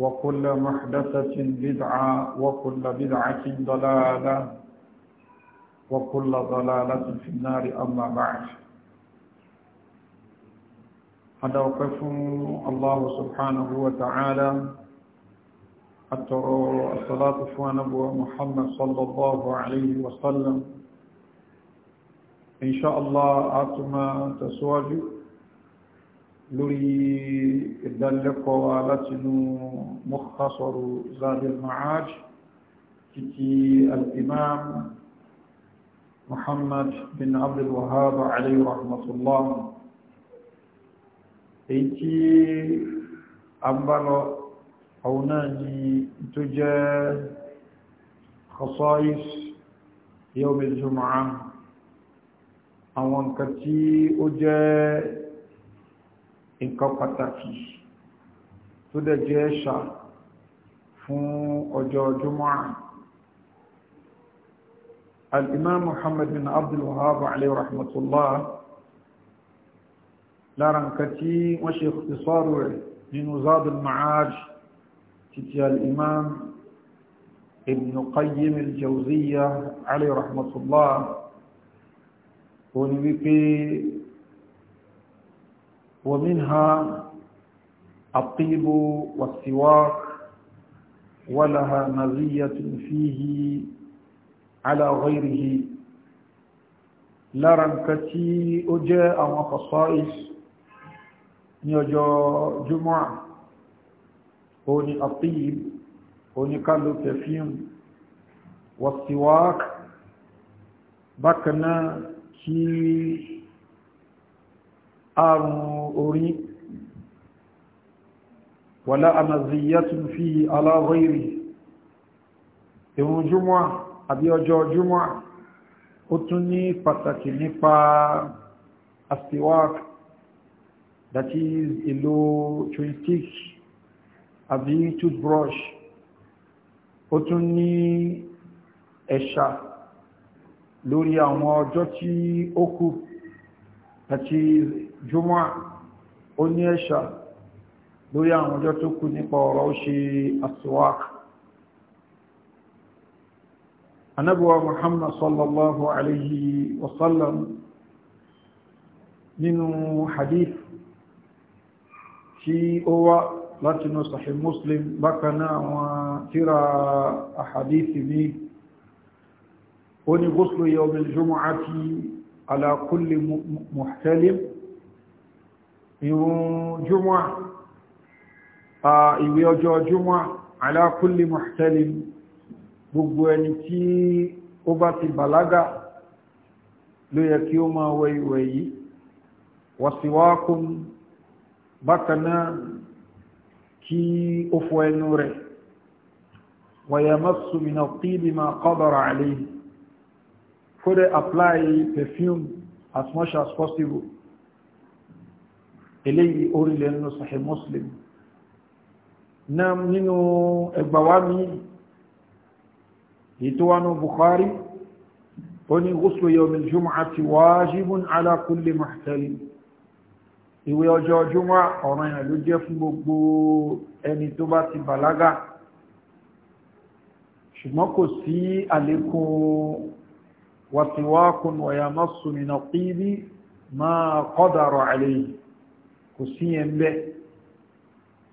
وكل محدثة بدعة وكل بدعة ضلالة وكل ضلالة في النار أما بعد هذا وقف الله سبحانه وتعالى أترى الصلاة في نبوة محمد صلى الله عليه وسلم إن شاء الله أتما تسواجه لوري دلك وعلى تنو مختصر زاد المعاج كتي الإمام محمد بن عبد الوهاب عليه رحمة الله إيتي أمبالو أوناني تجا خصائص يوم الجمعة أوان كتي أجا nǹkan pàtàkì tó dẹ̀ ṣà ẹ̀ṣà fún ọjọ́ jùmọ́ al-imam muhammad bin abdul wahab alayhi rahmatullah lára nǹkan tí wọ́n ṣe ìsọ́rọ̀ rẹ̀ nínú zadul ma'aj titi al’imá ibn qayyim al-jawziyya alayhi rahmatullah wọ́n ní wípé ومنها الطيب والسواك ولها مزية فيه على غيره lára nǹkan tí ó jẹ́ àwọn kọ̀sọ́ìs ní ọjọ́ jùmọ́à o ni àtíyìm o ni kálò pẹ̀fíìm wàsíwák bákanáà kí àrùn orí wàlá àmàzíyàtún fi aláwọ̀ ìrì ìrùn jùmọ́ àbí ọjọ́ jùmọ́ ó tún ní pàtàkì nípa astiwak that is ìlò chewing stick àbí toothbrush ó tún ní ẹ̀ṣà lórí àwọn ọjọ́ tí ó kù that jùmọ́ ó ní ẹ̀ṣà lórí àwọn ọjọ́ tó kù nípa ọ̀rọ̀ ó ṣe aswak anábíwá muhammad sallallahu alayhi wasallam nínú hadith tí ó wá láti inú sahih muslim bákaná àwọn tíra ahadithi ní ó ní gúúsù yawm al-jumu'ati ala kulli muhtalim ìrun jùmọ́ ìwé ọjọ́ jùmọ́ ala kulli muhtalim gbogbo ẹni tí ó bá ti bàlágà ló yẹ kí ó máa wẹ ìwẹ̀ yìí wasiwakun bákanáà kí ó fọ ẹnu rẹ̀ wàyàmásù mìnà tíbi ma qadara alayhi kó dẹ̀ apply perfume as much as possible eléyìí orílẹ̀ nínú Sahih Muslim náà nínú ẹgbàwá mi ìtọ́wánú Bukhari ó ní ghuslu yawmil jumu'ati wajibun ala kulli muhtalim ìwé ọjọ́ jùmọ́ ọ̀rọ̀ ìrìn ló jẹ́ fún gbogbo ẹni tó bá ti bàlágà ṣùgbọ́n kò sí àlékún wàtíwákùn wa yamassu min al-tibi kò sí yẹn bẹ́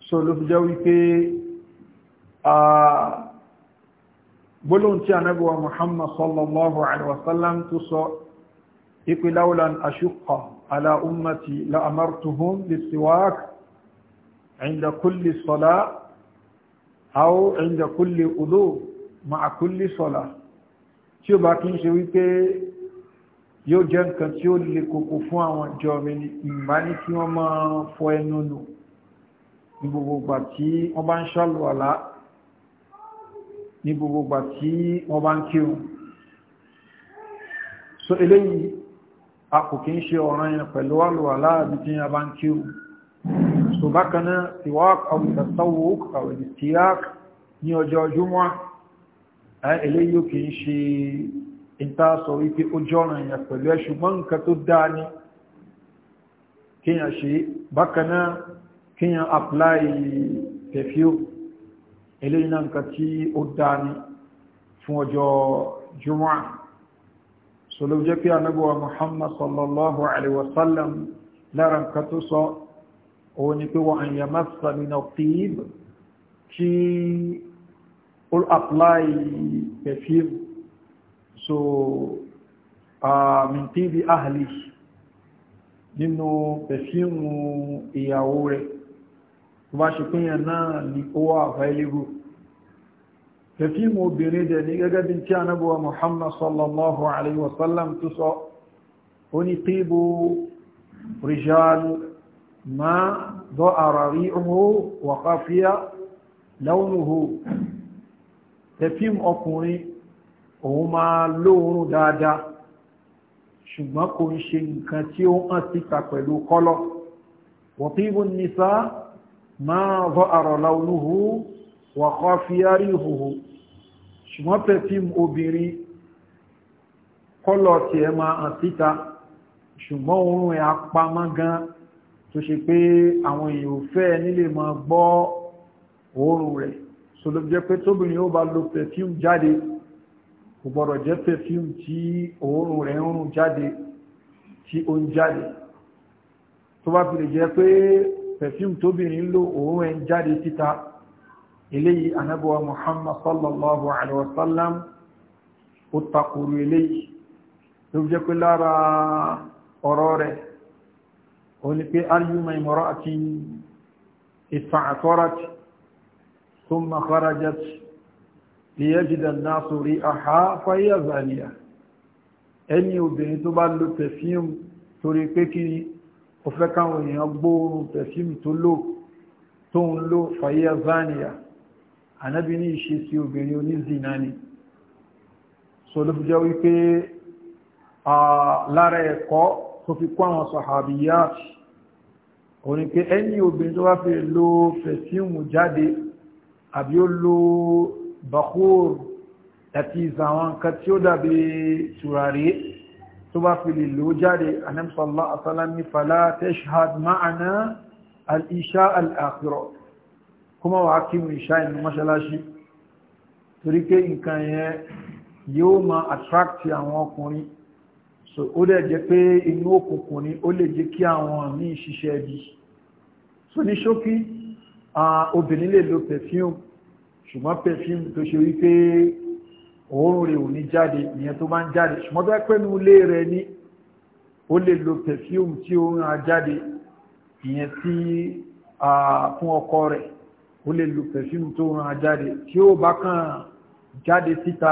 so ló fi jẹ́ wípé gbólóhùn tí ànábì wa muhammad sallallahu alaihi wasallam tó sọ ipe laulan ashukka ala ummati la amartuhum bisiwak inda kulli sala aw inda kulli udu ma'a kulli sala tí ó bá kí ń ṣe wípé yóò jẹ́ nǹkan tí ó le koko fún àwọn ìjọ mi ní ìmá ní kí wọ́n máa fọ ẹnu nù ní gbogbogbà tí wọ́n bá ń ṣàlùwàlá ní gbogbogbà tí wọ́n bá ń kírun so eléyìí a kò kí ń ṣe ọ̀ràn yẹn pẹ̀lú àlùwàlá àbí tí a bá ń kírun so bákan náà tiwak àwùtàtàwò àwùdì tíyák ní ọjọ́ ọjọ́ mọ́ eléyìí ìta sọ wípé ó jọ́ràn èèyàn pẹ̀lú ẹ̀ ṣùgbọ́n nǹkan tó dáa ní kíyàn ṣe bákanáà kíyàn apply pẹ̀fíò eléyìn náà nǹkan tí ó dáa ní fún ọjọ́ jùmọ́ sọlọ́ jẹ́ pé anábọ̀wà muhammad sallallahu alaihi wasallam lára nǹkan tó sọ òun ni pé wọ́n àyàn mẹ́sàn nínú tíìb kí ó apply pẹ̀fíò so min tibi ahli nínú pẹ̀fíìmù ìyàwó rẹ̀ tó bá ṣe pínyàn náà ní ó wà available pẹ̀fíìmù obìnrin dẹ̀ ní gẹ́gẹ́ bí tí a nábúwa Muhammad sallallahu alaihi wasallam tó sọ ó ní tíbù rijal ma dọ́ara rí ọmọ wà káfíà launuhu pẹ̀fíìmù ọkùnrin òun máa lóorun dáadáa ṣùgbọ́n kò ń ṣe nǹkan tí ó hàn síta pẹ̀lú kọ́lọ́ wọ̀tíbù nìsá máa vọ́ àrọ̀lá olúhu wọ̀kọ́ fi árí ìhòhò ṣùgbọ́n pẹ̀fíìmù obìnrin kọ́lọ̀ tí ẹ máa hàn síta ṣùgbọ́n oorun ẹ̀ apamọ́ gan tó ṣe pé àwọn èèyàn fẹ́ nílé máa gbọ́ oorun rẹ̀ sọlọ́jẹ́ pé tóbìnrin ó bá lo pẹ̀fíìmù jáde kò jẹ́ perfume tí òórùn rẹ̀ ń rùn jáde tí ó ń jáde tó bá fi lè jẹ́ pé perfume tóbìnrin lò òórùn ẹ̀ ń jáde síta eléyìí anábọ̀wà Muhammad sallallahu alaihi wasallam ó takòrò eléyìí tó jẹ́ pé lára ọ̀rọ̀ rẹ̀ ó ní pé ayyuma imra'atin ista'tarat thumma liyajida náàsù rí àhá fáyíyà zaniya ẹni obìnrin tó bá lo perfume torí pé kí o fẹ́ káwọn èèyàn gbóòrùn perfume tó lò tó ń lò fáyíyà zaniya anábi ní ìṣesí obìnrin onízìnà ni so ló fi jẹ́ wípé lára ẹ̀kọ́ tó fi kó àwọn sọ̀hàbíyàtì perfume jáde àbí ó bakur àti ìsàwọn nǹkan tí ó dàbí tùràrí tó bá fi lè lò jáde anẹ́mùsọ̀lá àsálàmí fàlá tẹ́ṣhad ma'ana al'isha al'akirọ̀ kuma wà kí mú ìṣá inú mọ́ṣálásí torí pé nǹkan yẹn yóò ma attract àwọn ọkùnrin so ó dẹ̀ jẹ́ pé inú òkùnkùn ni ó lè jẹ́ kí àwọn míì ṣiṣẹ́ bí so ní ṣókí obìnrin lè lo perfume ṣùgbọ́n perfume tó ṣe wípé òórùn rẹ̀ ò ní jáde ìyẹn tó máa ń jáde ṣùgbọ́n tó pẹ́nu ilé rẹ̀ ní ó lè lo perfume tí ó ń jáde ìyẹn tí fún ọkọ rẹ̀ ó lè lo perfume tó ń jáde tí ó bá kàn jáde síta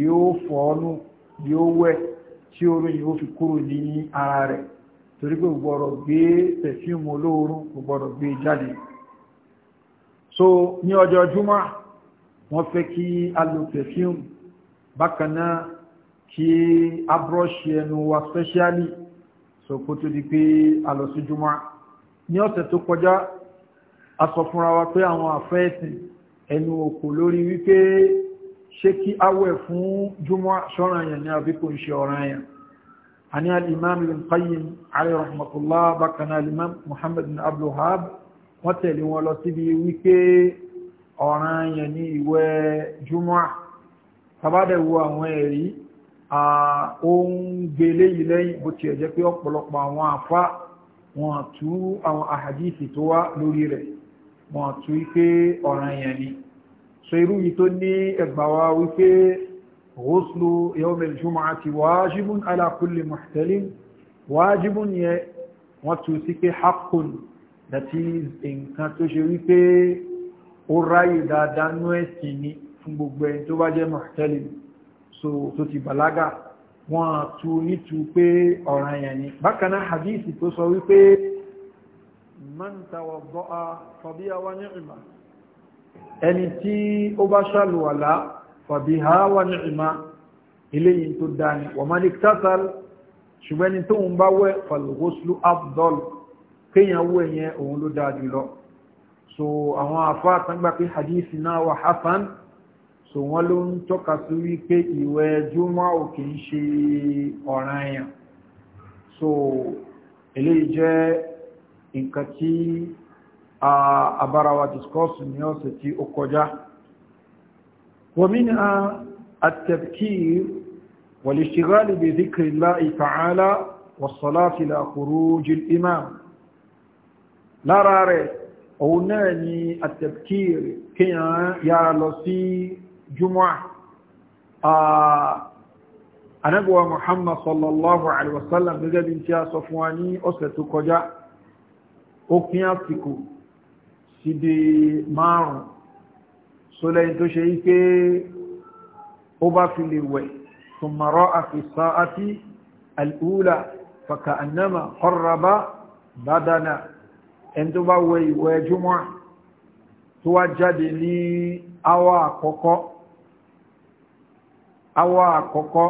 yóò fọ́ọ́nù yóò wẹ̀ tí orin yóò fi kúrò ní ara rẹ̀ torí pé gbọ́dọ̀ gbé perfume olóorun kò gbọ́dọ̀ gbé e jáde so ní ọjọ́ júmọ́ wọ́n fẹ́ kí a lo perfume bákan náà kí a brush ẹnu wa specially so kó tó di pé a lọ sí júmọ́ ní ọ̀sẹ̀ tó kọjá a sọ fúnra wa pé àwọn àfẹ́ẹ̀sìn ẹnu òkò lórí wípé ṣé kí a wẹ̀ fún júmọ́ ṣọ́ràn yẹn ní àbíkò ń ṣe ọ̀ràn yẹn a ní al-imam ibn qayyim alayhi rahmatullah bákan náà al-imam muhammad bin wọ́n tẹ̀lé wọn lọ síbi wípé ọ̀ràn yẹn ní ìwẹ̀ jùmọ́à tàbádẹ̀wò àwọn ẹ̀rí ohun gbélé yìí lẹ́yìn bó ti ẹ̀jẹ́ pé ọ̀pọ̀lọpọ̀ àwọn àfá wọn tú àwọn àhàdìsì tó wá lórí rẹ̀ wọn tú wípé ọ̀ràn yẹn ni so irú yìí tó ní ẹgbàwá wípé ghuslu yawm al-jumu'ati wajibun ala kulli muhtalim wajibun wọ́n tú sí pé haqqun that is nǹkan tó ṣe wípé ó ráyè dáadáa nú ẹ̀sìn ni fún gbogbo ẹni tó bá jẹ́ mọ̀tẹ́lì so tó ti bàlágà wọ́n tú nítú pé ọ̀ràn yẹn ni bákan náà hadithi tó sọ wípé man tawadda'a fabiha wa ni'ma ẹni tí ó bá ṣàlùwàlá fabiha wa ni'ma eléyìí tó dáa ni wa man iktasal ṣùgbọ́n ẹni tóun bá wẹ̀ fal ghuslu kéèyàn wó ẹ̀yẹn òun ló dáa jùlọ so àwọn àfá àtàngbà pé hadith náà wà hasan so wọ́n ló ń tọ́ka sí wípé ìwẹ̀ jùmọ́ ò kì ń ṣe ọ̀ràn èèyàn so eléyìí jẹ́ nǹkan tí àbárawa discourse ní ọ̀sẹ̀ tí ó kọjá wọ́mínà التذكير والاشتغال بذكر الله تعالى والصلاة إلى خروج الإمام lára rẹ̀ òun náà ni at-tabkir kíyàn yára lọ sí jùmọ́ anagwa muhammad sallallahu alaihi wasallam gẹ́gẹ́ bí tí a sọ fún wa ní ọ̀sẹ̀ tó kọjá ó pín àsìkò sí di márùn-ún sólẹ́yìn tó ṣe yí ó bá fi lè wẹ̀ ثم راى في الساعه الاولى فكانما قرب بدنا ẹni tó bá wẹ ìwẹ̀ jùmọ́ tó wá jáde ní awọ àkọ́kọ́ awọ àkọ́kọ́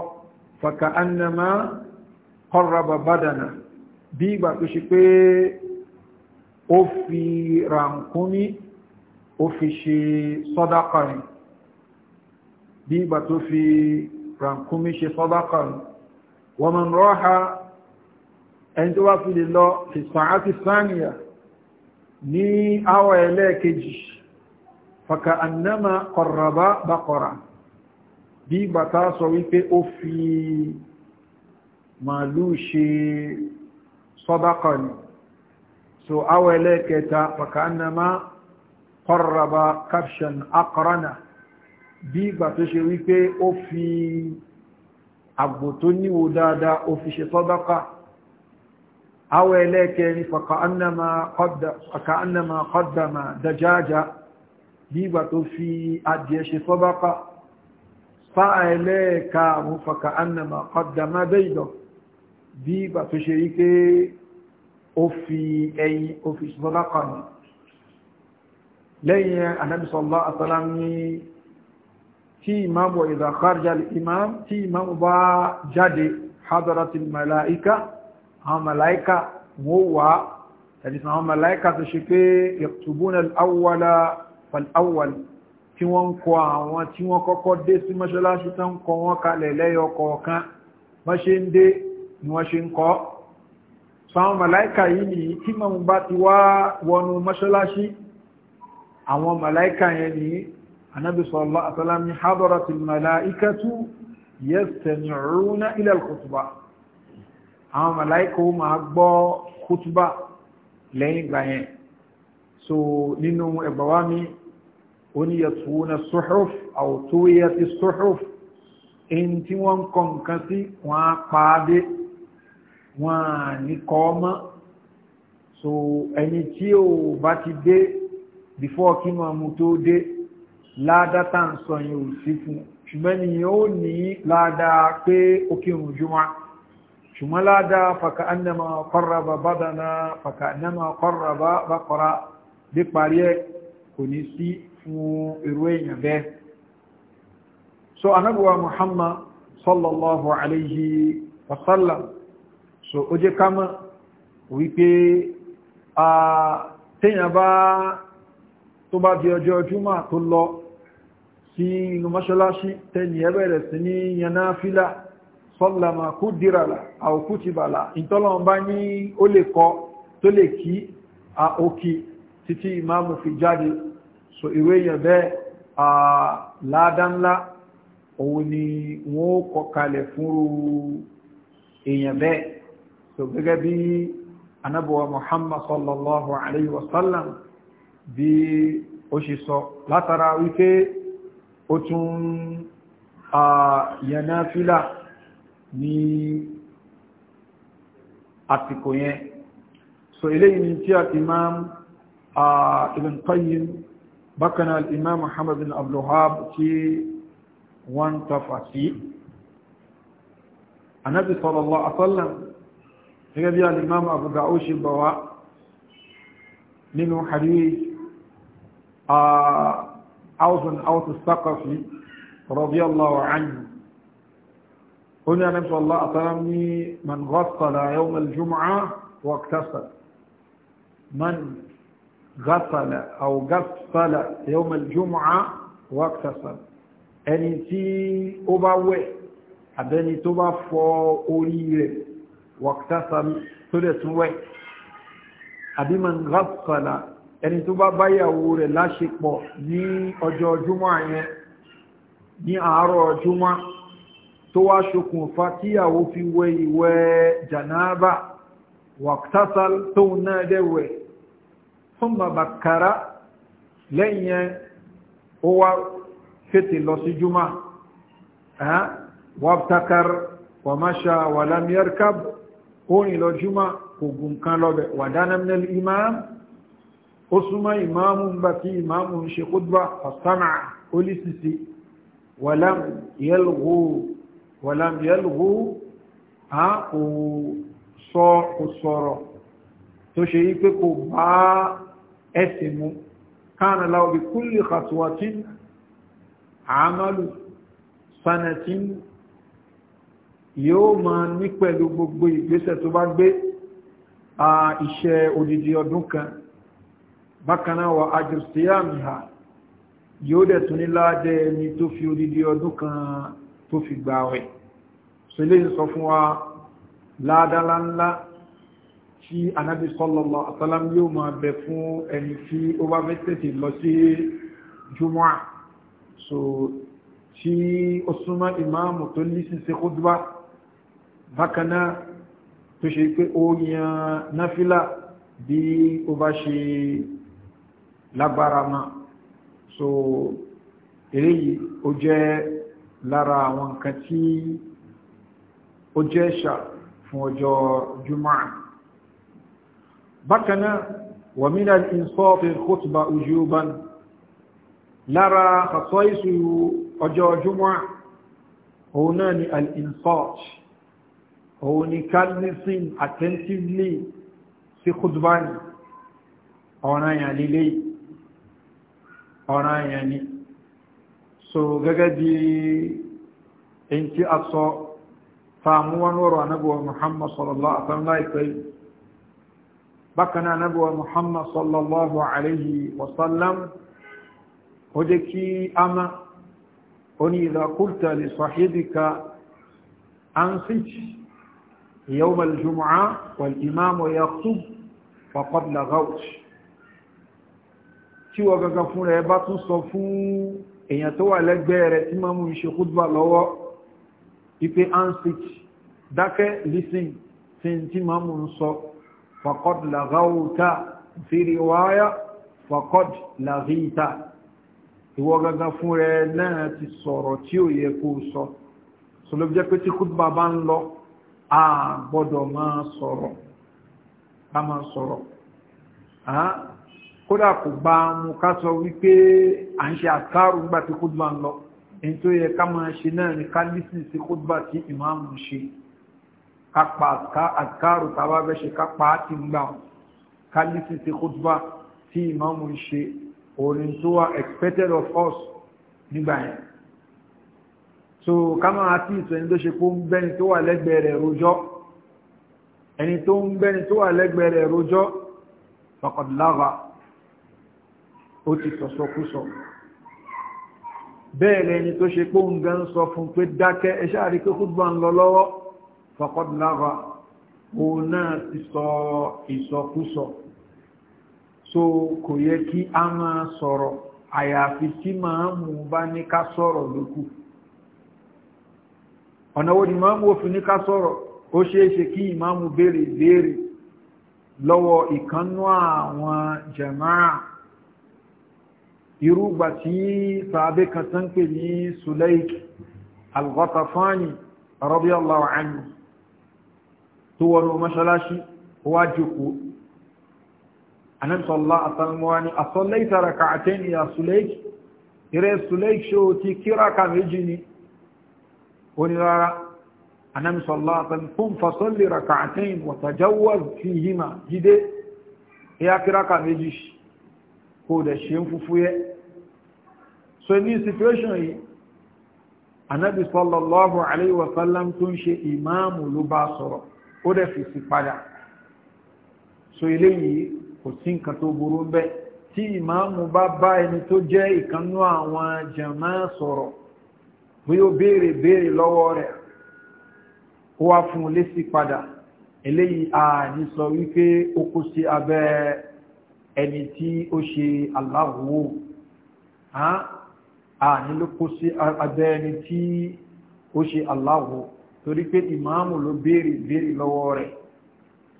fàkà annama qarraba badana bí ìgbà tó ṣe pé ó fi ràǹkúnmí ó fi ṣe sọ́dákọ̀rin bí ìgbà tó fi ràǹkúnmí ṣe sọ́dákọ̀rin wa man raha ẹni tó wá fi lè lọ fi sàáti sáàníyà ní àwọ̀ ẹlẹ́ẹ̀kejì fàkà annama kọ̀rọ̀bá bakọ̀rà bí bàtà sọ wípé ó fi màálù ṣe sọ́dákọ̀ ni so àwọ̀ ẹlẹ́ẹ̀kẹta fàkà annama kọ̀rọ̀bá kafshan akọ̀rọ̀nà bí ìgbà ṣe wípé ó fi àgbò tó níwò dáadáa ó fi ṣe sọ́dákọ̀ àwọn ẹlẹ́kẹrin fàkàánàmà kọ́dàmà dajájá nígbà tó fi adìẹ ṣe sọ́bápá fáà ẹlẹ́ẹ̀ka àwọn fàkàánàmà kọ́dàmà bẹ́ìdọ̀ bí ìgbà tó ṣe wípé ó fi ẹyin ó fi sọ́bápá nù lẹ́yìn anábisọ́lá àtàlámi tí ìmáàmù ìdàkájá ìmáàmù bá jáde hadaratul mala'ika àwọn màláíkà wọ́n wà tàbísà àwọn màláíkà tó ṣe pé yaktubuna al-awwala fal-awwal tí wọ́n ń kọ àwọn tí wọ́n kọ́kọ́ dé sí mọ́ṣáláṣí tó ń kọ wọ́n kalẹ̀ lẹ́yọ kọ̀ọ̀kan wọ́n ṣe ń dé ni wọ́n ṣe ń kọ́ sáwọn màláíkà yìí ni tí mọ̀ bá ti àwọn màláìkò máa gbọ́ kútúbà lẹ́yìn ìgbà yẹn so nínú ẹgbàwá mi ó ní yẹtùwúna sọ́hùf àwòtúwéyà ti sọ́hùf èyí tí wọ́n ń kọ nǹkan sí wọ́n á pàdé wọ́n á ní kọ́ mọ́ so ẹni tí ò bá ti dé before kí máa mú tó dé ládátà ń sọ yẹn ò sí fún ṣùgbọ́n ni yóò ní ládàá pé ó kírun jùmọ́ ṣùgbọ́n ládàá fàkà annama qarraba badana fàkà annama qarraba baqara bí parí ẹ̀ kò ní sí fún irú èèyàn bẹ́ẹ̀ so anábíwa muhammad sallallahu alayhi wa sallam so ó jẹ́ ká wípé a téèyàn bá tó bá di ọjọ́ júmọ́ tó lọ sí inú mọ́ṣáláṣí tẹ́ni ẹ̀bẹ̀rẹ̀ sí ní yanáfílà sọ́làmà kú dìràlà àwòkú ti bàlà ìtọ́lọ́wọ́n bá ní ó lè kọ tó lè kí a òkè títí ìmáàmù fi jáde so ìwé yẹn bẹ́ẹ̀ láàdánlá òun ni wọ́n kọ kalẹ̀ fúnrú èèyàn bẹ́ẹ̀ so gẹ́gẹ́ bí anábọ̀wà muhammad sallallahu alayhi wa sallam bí ó ṣe sọ látara wípé ó tún yẹn náà fílà ní àsìkò yẹn so eléyìí ni tí al-imam ibn qayyim bákanáà al-imam muhammad bin abdullahab tí wọ́n tafa sí anábi sallallahu alaihi gẹ́gẹ́ bí al-imam abu ṣe bá nínú hadith a awzun awtus saqafi radiyallahu anhu هنا النبي صلى الله عليه وسلم من غسل يوم الجمعة واغتسل من غسل أو غسل يوم الجمعة واغتسل ẹni tí ó bá wẹ̀ àbẹ́ni tó bá fọ orí rẹ̀ waqtasal tó dẹ̀ tún wẹ̀ àbí man ghassala ẹni tó bá báyàwó rẹ̀ láṣepọ̀ ní ọjọ́ júmọ́ àyẹn ní àárọ̀ júmọ́ tó wá ṣokùnfà tíyàwó fi wẹ ìwẹ̀ jànáàbà wàktásàl tó náà dẹ̀wẹ̀ fún mabakara lẹ́yìn ó wá fètè lọ sí jùmá wàbtakar wàmáṣà wàlámiyarkab orin lọ jùmá kò gùn kan lọ́bẹ̀ wàdánamnel imam ó súnmọ́ ìmáàmù ń bá tí ìmáàmù ń ṣe kúdbà ọ̀sánà ó lè sisi wàlám yẹlgùn wàlám yẹ́lùwó a kò sọ kò sọ̀rọ̀ tó ṣe yí pé kò bá ẹ̀sìn mú kánà láwọ́ bí kúlì kàtùwàtín àmàlù sanatín yóò ma ní pẹ̀lú gbogbo ìgbésẹ̀ tó bá gbé a iṣẹ́ odidi ọdún kan bákanáà wà yóò dẹ̀ tún ní láàdẹ́ ẹni tó fi odidi ọdún kan tó fi gba àwẹ̀ so ilé sọ fún wa ládáláńlá tí anábì sallallahu alaihi wasallam yóò máa bẹ fún ẹni tí ó bá fẹ́ tètè lọ sí jùmọ́à so tí ó súnmọ́ ìmáàmù tó ní síse kúdúbá bákanáà tó ṣe pé ó yan náfílà bí ó bá ṣe lágbára máa so eléyìí ó jẹ́ lára àwọn nǹkan tí ó jẹ́ ṣà fún ọjọ́ jumaa bákanáà wa min al-insaf al-khutba ujuban lára àṣọ́ ìsù ọjọ́ jumaa òun náà ni al-insaf òun ni calvinism attentively sí khutbani ọ̀ranyàn lílé ọ̀ranyàn ni so gẹ́gẹ́ bí èyí tí a sọ fàmúwọn ọ̀rọ̀ anábíwa muhammad sallallahu alaihi láìpẹ́ bákanáà anábíwa muhammad sallallahu alaihi wasallam ó jẹ́ kí a má oní ìdákúrtà lè sọ̀hídìka an síjì يوم الجمعة والإمام يخطب فقد لغوت tí wọ́n gangan fún rẹ̀ bá tún sọ fún èèyàn tó wà lẹ́gbẹ́ rẹ̀ tí máa mú iṣẹ́ kúdùbà lọ́wọ́ ipe ansich dákẹ́ lisin tí tí máa mú ń sọ faqad laghawta fi riwaya faqad laghita ìwọ gangan fún rẹ náà ti sọ̀rọ̀ tí ó yẹ kó sọ sọlọ pé tí kúdùbà bá ń lọ a máa sọ̀rọ̀ kódà kò bá mú ká sọ wípé à ń ṣe àkárù gbà tí kúdùbà ń lọ èyí tó yẹ ká máa ṣe náà ní ká lísìn sí kúdùbà tí ìmáàmù ṣe ká pa àkárù tàbá bẹ́ ṣe ká pa á ti gbà ká lísìn sí kúdùbà tí ìmáàmù ṣe orin tó wà expected of us nígbà yẹn so ká máa tí ìtọ́ ẹni tó ṣe kó ń bẹ́ni tó wà lẹ́gbẹ̀ẹ́ rẹ̀ rojọ́ ẹni tó ń bẹ́ni tó wà lẹ́gbẹ̀ẹ́ rẹ̀ rojọ́ faqad lagha ó ti sọ̀sọ̀kúsọ bẹ́ẹ̀rẹ̀ ẹni tó ṣe pó ń gẹ́ ń sọ fún pé dákẹ́ ẹṣẹ́ àrí kúgbà ń lọ lọ́wọ́ fọ́kọ́dúnlára òun náà ti sọ ìsọkúsọ so kò yẹ kí a máa sọ̀rọ̀ àyàfi tí máa mú bá ní ká sọ̀rọ̀ lókù ọ̀nà wo ni máa mú òfin ní ká sọ̀rọ̀ ó ṣeé ṣe kí ìmáàmù béèrè béèrè lọ́wọ́ ìkannú àwọn jàmáà irúgbà tí sàábé kan tán pè ní Sulaik al-Ghatafani radiyallahu anhu tó wọnú mọ́ṣálásí wá jùkú anẹ́sọ̀lá àtàlmọ́wání àsọ́lẹ́ ìtara kàtẹ́ ni ya Sulaik ire Sulaik ṣe o ti kíraka méjì ni onírara anẹ́sọ̀lá àtàlmọ́wání fasọ́lẹ́ rakàtẹ́ wàtàjáwà fìhíma jíde ya kò da ṣe ń fúfú yẹ́ so ní situation yìí anábì sallallahu alayhi wa sallam tó ń ṣe ìmáàmù ló bá sọ̀rọ̀ ó dẹ̀ fi sí padà so eléyìí kò sí nǹkan tó burú bẹ́ẹ̀ tí ìmáàmù bá bá ẹni tó jẹ́ ìkanú àwọn jàmá sọ̀rọ̀ bí ó béèrè béèrè lọ́wọ́ rẹ̀ ó wá fún un lésì padà eléyìí a sọ wípé ó kó sí abẹ́ ẹni tí ó ṣe aláwò àní ló kó sí abẹ́ ẹni tí ó ṣe Allahu torí pé ìmáàmù ló béèrè béèrè lọ́wọ́ rẹ̀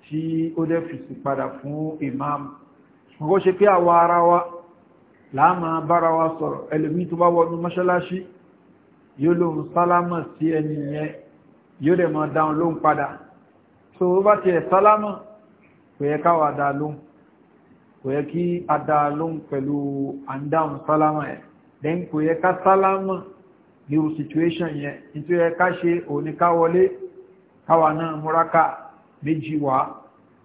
tí ó dẹ̀ fèsì padà fún ìmáàmù ṣùgbọ́n ṣe pé àwa ara wa láàmà bára wa sọ̀rọ̀ ẹlòmí tó bá wọnú mọ́ṣáláṣí yóò lóhun sálámà sí ẹni yẹn yóò dẹ̀ mọ́ dáhùn lóhun padà tó o bá tiẹ̀ sálámà kò yẹ káwà dáa lóhun kò yẹ kí a dáa lóhun pẹ̀lú àndáhùn sálámà ẹ̀ then kò yẹ ká sálámà nírú situation yẹn nítorí yẹ ká ṣe òní ká wọlé káwa náà múraká méjì wá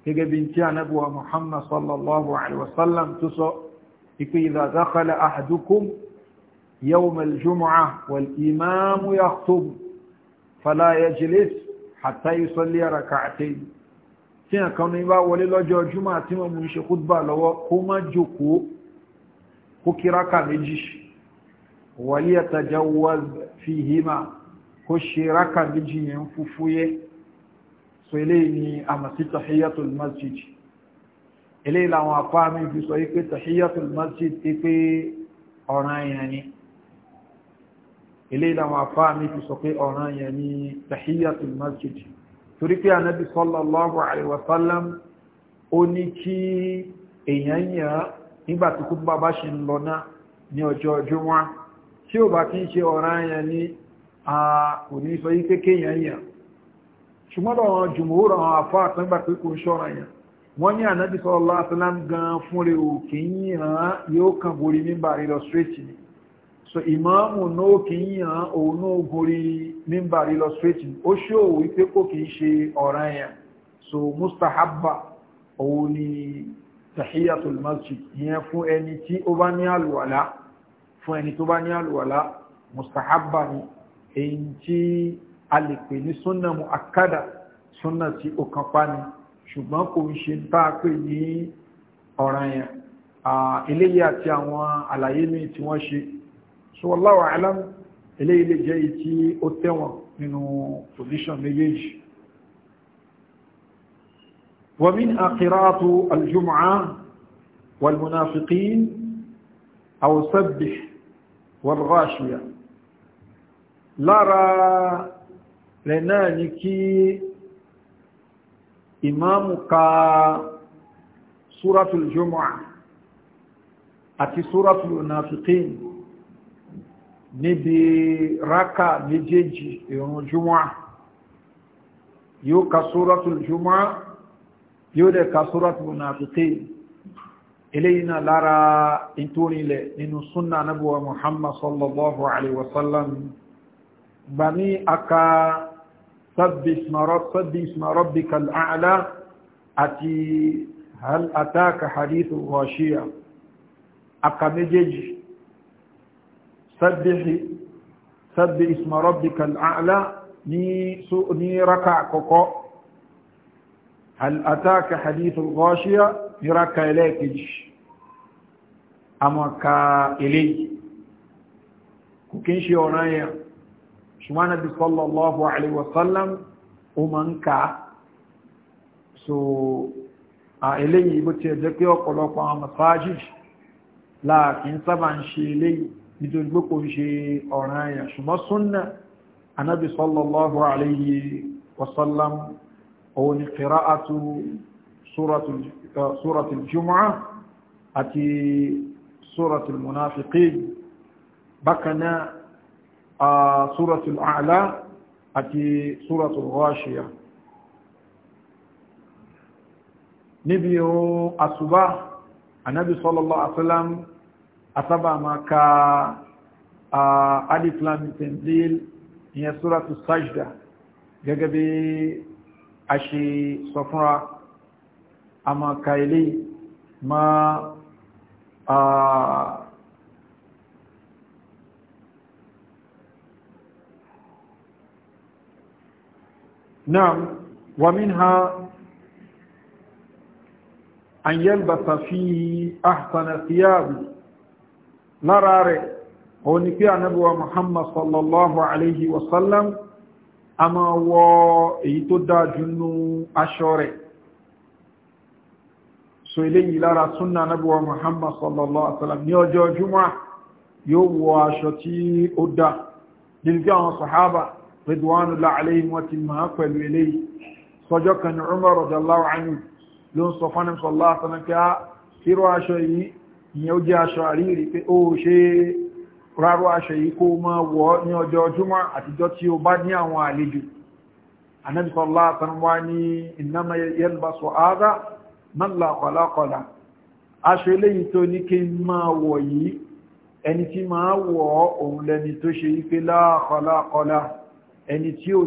gẹ́gẹ́ bí tí anábíwa muhammad sallallahu alaihi wasallam tó sọ ipe idha dakhala ahadukum yawm al-jumu'ah wal imamu yakhutub fala yajlis hatta yusalli rak'atayn tí a kan ní bá wọlé lọ́jọ́ jùmọ̀ àti wọn mú ṣe kúdbà lọ́wọ́ kó má jòkó kó kíráka wàlíyàtàjáwàz fi hima kó ṣe rákà méjì yẹn fúfúyé so ilé ni a mọ̀ sí tahiyatul masjid ilé làwọn apá mi fi sọ yí pé tahiyatul masjid ti pé ọ̀ràn yẹn ni ilé ìlànà àfáàmì fi sọ pé ọ̀ràn yẹn ni tahiyyatul masjid torí pé anábi sallallahu alaihi wasallam ó ní kí èèyàn yàn nígbàtí kú bá bá ṣe ń lọ náà ní ọjọ́ ọjọ́ wọn tí ó bá kí ń ṣe ọ̀ranyàn ní a kò ní sọ yí pé kéèyàn yàn ṣùgbọ́n àwọn jùmòórò àwọn àfá àtúngbà pé kò ń ṣọ́ra yàn wọ́n ní ànábì so ìmáàmù náà kì í yàn òun náà borí mímbà rí lọ straight so mustahabba òun ni tahiyatul masjid ìyẹn fún ẹni tí fún ẹni tó bá ní àlùwàlá mustahabba ni èyí tí a lè pè ní súnà mu akada súnà tí ó kan pa ni ṣùgbọ́n kò ń ṣe tá a pè ní ọ̀ràn yẹn eléyìí àti àwọn àlàyé mi tí wọ́n ṣe so wallahu alam eléyìí lè jẹ́ èyí tí ó tẹ̀wọ̀n nínú position méjèèjì. ومن قراءة الجمعة والمنافقين أو سبح wal-ghashiya lára rẹ̀ náà ni kí ìmáàmù ka súratul jumu'a àti súratul munafiqin níbi rákà méjèèjì ìrun jumu'a yóò ka súratul jumu'a yóò dẹ̀ ka súratul munafiqin إلينا لارا انتوني لي سنة نبوة محمد صلى الله عليه وسلم بني أكا سب اسم رب سب اسم ربك الأعلى أتي هل أتاك حديث غاشية أكا مجج سب سب اسم ربك الأعلى ني سؤني ركع كوكو هل أتاك حديث الغاشية يراك إليك أما كإلي كوكينشي ونايا شما نبي صلى الله عليه وسلم ومن كا سو إلي بوتي ذكي وقلوك ومساجد لكن سبعا شي إلي nítorí pé kò ń ṣe ọ̀ràn àyà ṣùgbọ́n súnnà anábi sallallahu alayhi wasallam òun ni qira'atu eh, suratul jumu'ah àti suratul munafiqin bákan náà suratul a'la àti suratul ghashiyah níbi ohun àsùbá anábi sallallahu alaihi wasallam asábà máa ka alif lam mim tanzil ìyẹn suratul sajda gẹ́gẹ́ bí a ṣe sọ fúnra a ma ka ilé ma a náà wa minha an yalbasa fi ahsana thiyabi lára rẹ̀ òun ni pé ànábì muhammad sallallahu alaihi wasallam a máa wọ èyí tó dájú nú aṣọ rẹ̀ so eléyìí lára súnà anábíwá muhammad sallallahu alaihi wasallam ní ọjọ́ jùmọ́ yóò wọ aṣọ tí ó dá nílùú àwọn sahaba ridwanullah alaihim wọ́n ti máa pẹ̀lú eléyìí sọjọ́ kan ní umar radiyallahu anhu ló ń sọ rárá aṣọ yìí kó máa wọ̀ ní ọjọ́ ọjọ́mọ́ àtijọ́ tí ó bá ní àwọn àlejò Ànábì sallallahu alaihi wasallam wá ní innama yalbasu hadha man la khalaqa lahu aṣọ eléyìí tó ní kí máa wọ̀ yìí ẹni tí máa wọ̀ òun lẹni tó ṣe ipé la ẹni tí ó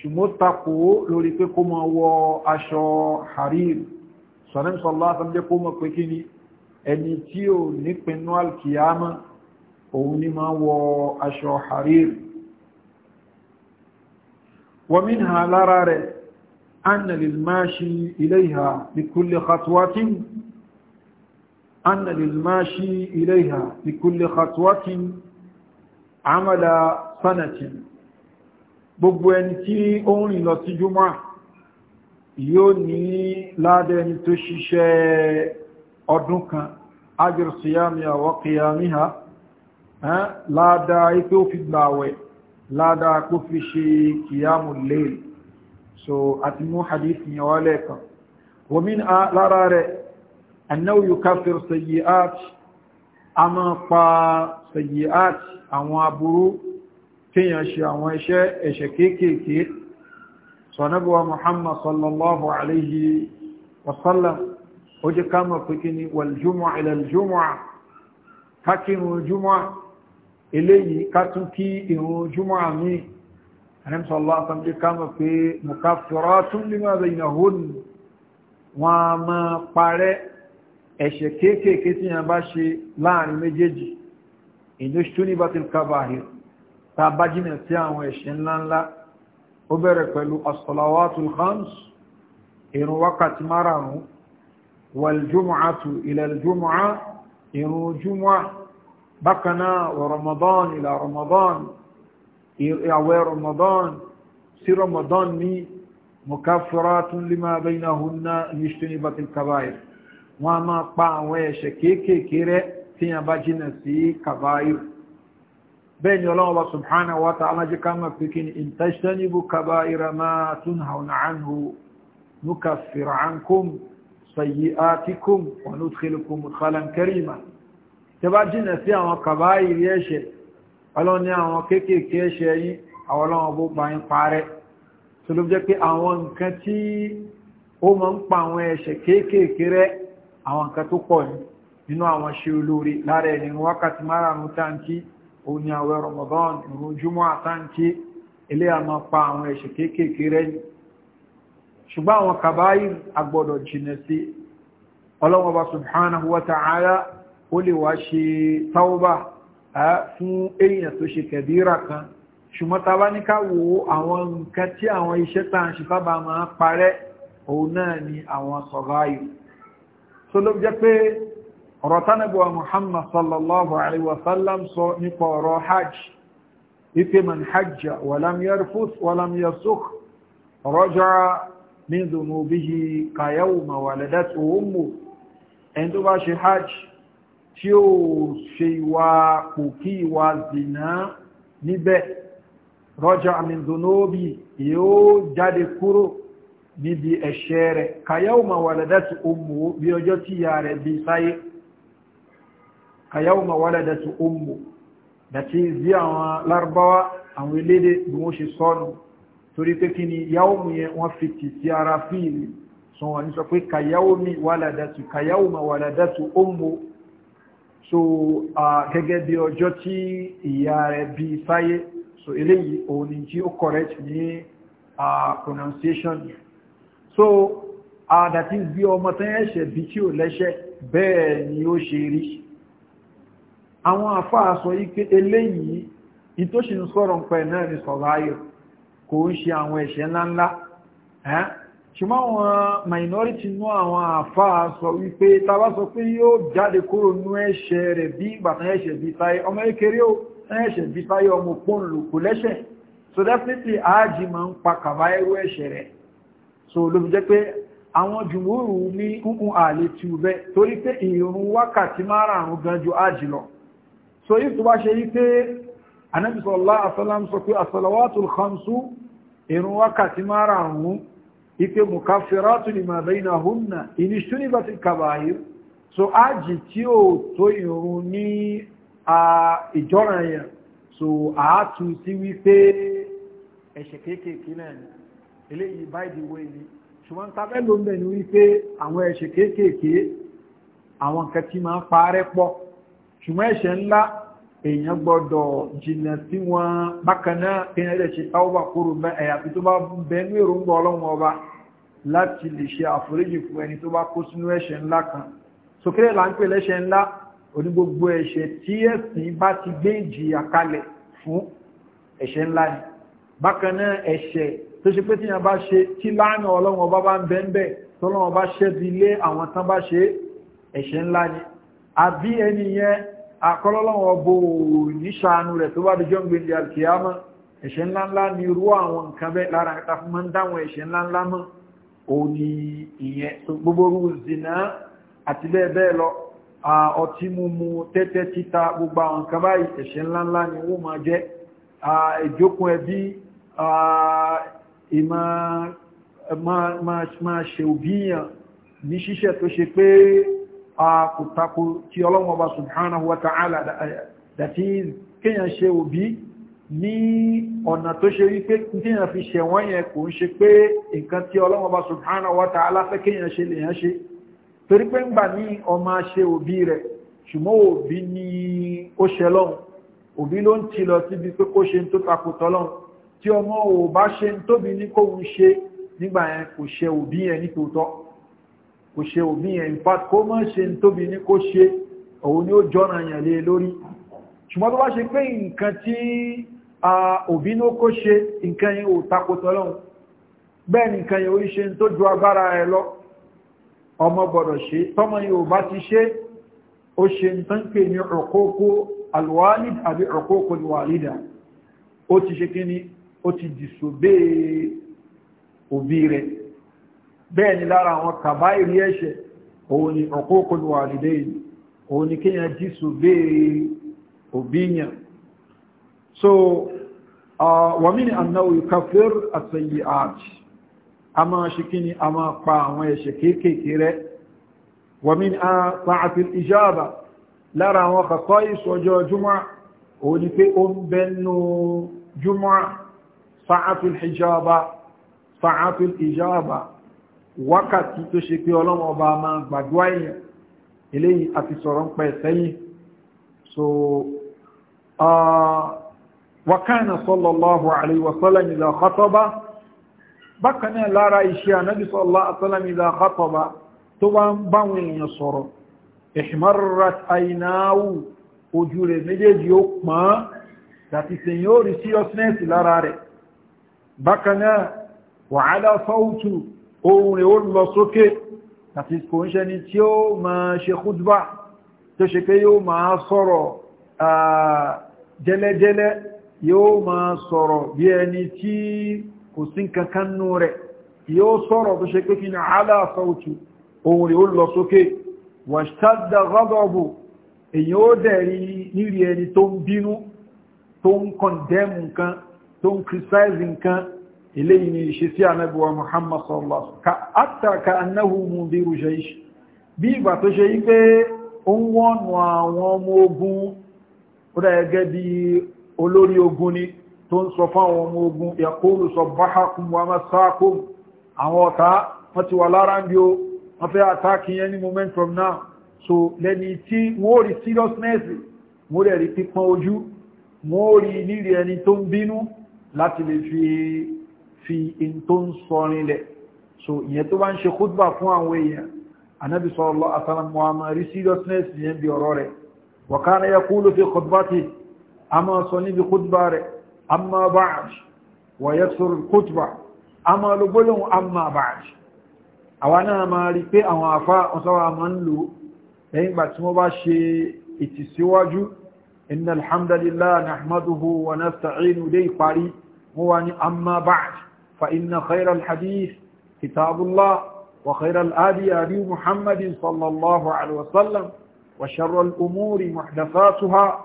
ṣùgbọ́n takò lórí pé kó máa wọ aṣọ harir sọ̀rẹ́mùsọ̀lá àtàbí kó mọ̀ pé kí ni ẹni tí ò ní pinnu alkiyama òun ni máa wọ aṣọ harir wọ́n mí ha lára rẹ̀ anna lilmashi iléha ní khatuwatin anna sanatin gbogbo ẹni tí ó ń rìn lọ sí júmọ́ yóò ní ládẹni tó ṣiṣẹ́ ọdún kan ajr siyamiha wa qiyamiha ládáa ipé ó fi gbàwẹ̀ ládáa kó fi ṣe kìyàmù layl so àti mú hadith yẹn wá lẹ́ẹ̀kan wọ́mín lára rẹ̀ annáwó yukaffir sayyi'at a àwọn aburú kíyàn ṣe àwọn iṣẹ́ ẹ̀ṣẹ̀ kéékèèké sọ̀nàbíwa muhammad sallallahu alayhi wasallam ó jẹ́ ká mọ̀ pé kí ni waljúmọ̀ ilaljúmọ̀ kákírun júmọ̀ eléyìí kátún kí ìrun júmọ̀ mi àrẹ́msọ̀lá àtàmdé ká mọ̀ pé mukaffiratun lima baynahun wọn a máa parẹ́ ẹ̀ṣẹ̀ kéékèèké tá a bá jìnà sí àwọn ẹ̀ṣẹ̀ ńláńlá ó bẹ̀rẹ̀ pẹ̀lú as-salawatul khams ìrun wákàtí márààrún wal-jumu'atu ila al-jumu'a ìrun jumu'a bákan náà wa ramadan ila ramadan àwẹ̀ ramadan sí ramadan ní mukaffiratun lima baynahunna yijtanibatil kaba'ir wọ́n a máa pa àwọn ẹ̀ṣẹ̀ kéékèèké rẹ̀ tí a bá jìnà sí kaba'ir bẹ́ẹ̀ ni ọlọ́wọ́ subhanahu wa ta'ala jẹ́ ká máa pín kí ní intajtanibu kaba'ira ma tunhawna anhu nukaffiru ankum sayyi'atikum wa nudkhilukum mudkhalan karima tẹba jìnà sí àwọn kaba'iri ẹ̀ṣẹ̀ ọlọ́wọ́ ní àwọn kéékèèké ẹ̀ṣẹ̀ yìí àwọn ọlọ́wọ́ bó bá ń parẹ́ tó ló jẹ́ pé àwọn nǹkan tí ó máa ń pa àwọn ẹ̀ṣẹ̀ kéékèèké rẹ́ àwọn nǹkan tó pọ̀ nínú àwọn ṣe olóore lára ẹ̀nìyàn wákàtí márùn-ún táǹkì ó ní àwẹ̀ Ramadan ìrun jùmọ́ àtàǹkí ilé àmọ́ pa àwọn ẹ̀ṣẹ̀ kéékèèké rẹ̀ ni ṣùgbọ́n àwọn kàbáyì agbọ́dọ̀ jìnà sí Ọlọ́hun Ọba subhanahu wa ta'ala ó lè wá ṣe tauba fún èèyàn tó ṣe kẹbíra kan ṣùgbọ́n ta bá ní ká wo àwọn ọ̀rọ̀ tánàbíwa muhammad sallallahu alaihi wasallam sọ nípa ọ̀rọ̀ hajj ife man hajja walam yarfus walam yasuk rọjá ní zunubihi kayawu ma waladat ohunmu ẹni tó bá ṣe hajj tí ó ṣe ìwà pòkí ìwà zina níbẹ̀ rọjá ní yóò jáde kúrò níbi ẹ̀ṣẹ̀ rẹ̀ kayawu ma waladat ohunmu bí ọjọ́ tí ya rẹ̀ bí sáyé Kayauma yawma waladatu ummu dàtí bí àwọn lárúbáwá àwọn elédè bí wọ́n ṣe sọ́nù torí pé kí ni yawmu yẹn wọ́n fi tì sí ara fíìlì sọ wọ́n ní sọ pé ka yawmi waladatu ka yawma waladatu ummu so gẹ́gẹ́ bí ọjọ́ tí ìyá rẹ̀ bí sáyé so eléyìí òun ni jí ó correct ní pronunciation so that is bí ọmọ tán ẹ̀ṣẹ̀ bí tí ò lẹ́ṣẹ̀ bẹ́ẹ̀ ni ó ṣe rí àwọn àfáà sọ ike eléyìí ìtòṣì ń sọ̀rọ̀ ń pẹ̀ náà ní sọ̀rọ̀ ayò kò ń ṣe àwọn ẹ̀ṣẹ̀ ńláńlá ṣùgbọ́n àwọn minority nú àwọn àfáà sọ wípé tàbá sọ pé yóò jáde kúrò nú ẹ̀ṣẹ̀ rẹ̀ bí ìgbàtàn ẹ̀ṣẹ̀ bí táyé ọmọ ékeré ó ẹ̀ṣẹ̀ bí táyé ọmọ pọ́n lò kò lẹ́ṣẹ̀ so definitely aájì máa ń pa kàbá ẹrú ẹ̀ṣẹ̀ rẹ̀ so ló fi jẹ́ pé àwọn jùmúrù ní kúnkún àlè tìrù bẹ́ẹ̀ torí pé ìrún wákàtí márùn gan ju aájì lọ so if tó bá ṣe yí pé Ànábì sallallahu alaihi wasallam sọ pé as-salawatul khamsu ìrun wákàtí márùn-ún ipe mukafiratu lima bainahunna in ishtunibat al-kaba'ir so aji tí ó tó ìrun ní ìjọ́ràn so àátù sí wípé ẹ̀ṣẹ̀ kéékèèké náà ni eléyìí by the way ni ṣùgbọ́n tábẹ́lò ń bẹ̀ ni wípé àwọn ẹ̀ṣẹ̀ kéékèèké àwọn nǹkan máa ń parẹ́ pọ̀ ṣùgbọ́n ẹ̀ṣẹ̀ ńlá èèyàn gbọ́dọ̀ jìnà tí wọ́n bákanáà kíni ẹ̀rẹ́ ṣe táwọ́bà kúrò bẹ́ ẹ̀yà tí tó bá bẹ ní èròǹgbà ọlọ́run ọba láti lè ṣe àforíjì fún ẹni tó bá kó sínú ẹ̀ṣẹ̀ ńlá kan sókèrè là ń pè lẹ́ṣẹ̀ ńlá oní gbogbo ẹ̀ṣẹ̀ tí ẹ̀sìn bá ti gbé ìjìyà kalẹ̀ fún ẹ̀ṣẹ̀ ńlá ni bákanáà ẹ̀ṣẹ̀ tó ṣe pé tí bá ṣe tí láàánú ọlọ́run ọba bá ń bẹ́ńbẹ́ tọ́lọ́run ọba ṣẹ́bi lé àwọn tán bá ṣe ẹ̀ṣẹ̀ ńlá ni àbí ẹni yẹn akọlọ́lọ́wọ́ bò ní ṣàánú rẹ̀ tó bá di jọ́ gbèndé alkiyama ẹ̀ṣẹ̀ ńláńlá ni irú àwọn nǹkan bẹ́ lára kẹta fún mọ́ ń dáwọn ẹ̀ṣẹ̀ ńláńlá mọ́ òní ìyẹn gbogbo orú zina àti bẹ́ẹ̀ bẹ́ẹ̀ lọ ọtí mímu tẹ́tẹ́ títa gbogbo àwọn nǹkan báyìí ẹ̀ṣẹ̀ ńláńlá ni wọ́n máa jẹ́ kò tako ọlọ́wọ́ bá subhanahu wa ta'ala eh, that is kíyàn ṣe òbí ní ọ̀nà tó ṣe wípé kíyàn fi ṣe wọ́n yẹn kò ń ṣe pé nǹkan tí ọlọ́wọ́ bá subhanahu wa ta'ala fẹ́ kíyàn ṣe lèyàn ṣe torí pé ń gbà ní ọmọ ṣe òbí rẹ̀ ṣùgbọ́n òbí ni ó ṣe lọ́hun òbí ló ń ti lọ síbi pé kó kò ṣe òbí yẹn in fact kó mọ́ ṣe ń tóbi ní kó ṣe òun ni ó jọ́nà yẹn lé lórí ṣùgbọ́n tó bá ṣe pé nǹkan tí òbí ní ó kó ṣe nǹkan yẹn ò takòtọ́ lọ́hùn bẹ́ẹ̀ nǹkan yẹn oríṣe tó ju agbára rẹ lọ ọmọ gbọ́dọ̀ ṣe tọ́mọ yẹn ò bá ti ṣe ó ṣe ń tán pè ní ọ̀kókó alwalid àbí ọ̀kókó alwalida ó ti ṣe kí ni ó ti dìsòbé òbí rẹ̀ bẹ́ẹ̀ ni lára àwọn kàbá ìrí ẹ̀ṣẹ̀ òun ni uququl walidayn òun ni kíyàn jísù béèrè òbíyàn so wa min annahu yukaffir as-sayyi'at a máa ṣe kí ni a máa pa àwọn ẹ̀ṣẹ̀ kéékèèké rẹ̀ wa min ta'ati al-ijaba lára àwọn kàkọ́ ìṣọ́jọ́ jùmọ́ òun ni pé ó ń bẹnu jùmọ́ sa'atul hijaba sa'atul ijaba wákàtí tó ṣe pé ọlọ́wọ́ ọba máa gbàdúrà èèyàn eléyìí àti sọ̀rọ̀ ń pẹ́ sẹ́yìn so wakana sallallahu alaihi wasallam idha khataba bákan náà lára iṣẹ́ anábì sallallahu alaihi wasallam idha khataba tó bá ń báwọn èèyàn sọ̀rọ̀ ihmarrat ohun rẹ̀ ó lọ sókè àti kò ń ṣẹni tí ó máa ṣe khutba tó ṣe pé yóò máa sọ̀rọ̀ jẹ́lẹ́jẹ́lẹ́ yóò máa sọ̀rọ̀ bí ẹni tí kò sí kankan nú rẹ̀ yóò sọ̀rọ̀ tó ṣe pé kí ní aláàfáwùtù ohun tó ń criticize nǹkan eléyìí ni ìṣesí محمد صلى الله alaihi wasallam ka ataka annahu جيش jaysh bí ìgbà tó ṣe yí pé ó ń wọ́nù àwọn ọmọ ogun ó dá gẹ́gẹ́ bí olórí ogun ni tó ń sọ fún moment from now so lẹ́ni tí wọ́n rí seriousness wọ́n rẹ̀ rí pípọ́n ojú wọ́n rí nírí ẹni tó ń bínú láti lè fi fi in tó ń sọ rinlẹ̀ so ìyẹn tó bá ń ṣe khutba fún àwọn èèyàn anábi sallallahu alaihi wasallam muhammadu seriousness yẹn bí ọ̀rọ̀ rẹ̀ wa kana yaqulu fi khutbati a máa sọ níbi khutba rẹ̀ amma ba'd wọ́n wá ní amma ba'd فإن خير الحديث كتاب الله وخير الآدي آدي محمد صلى الله عليه وسلم وشر الأمور محدثاتها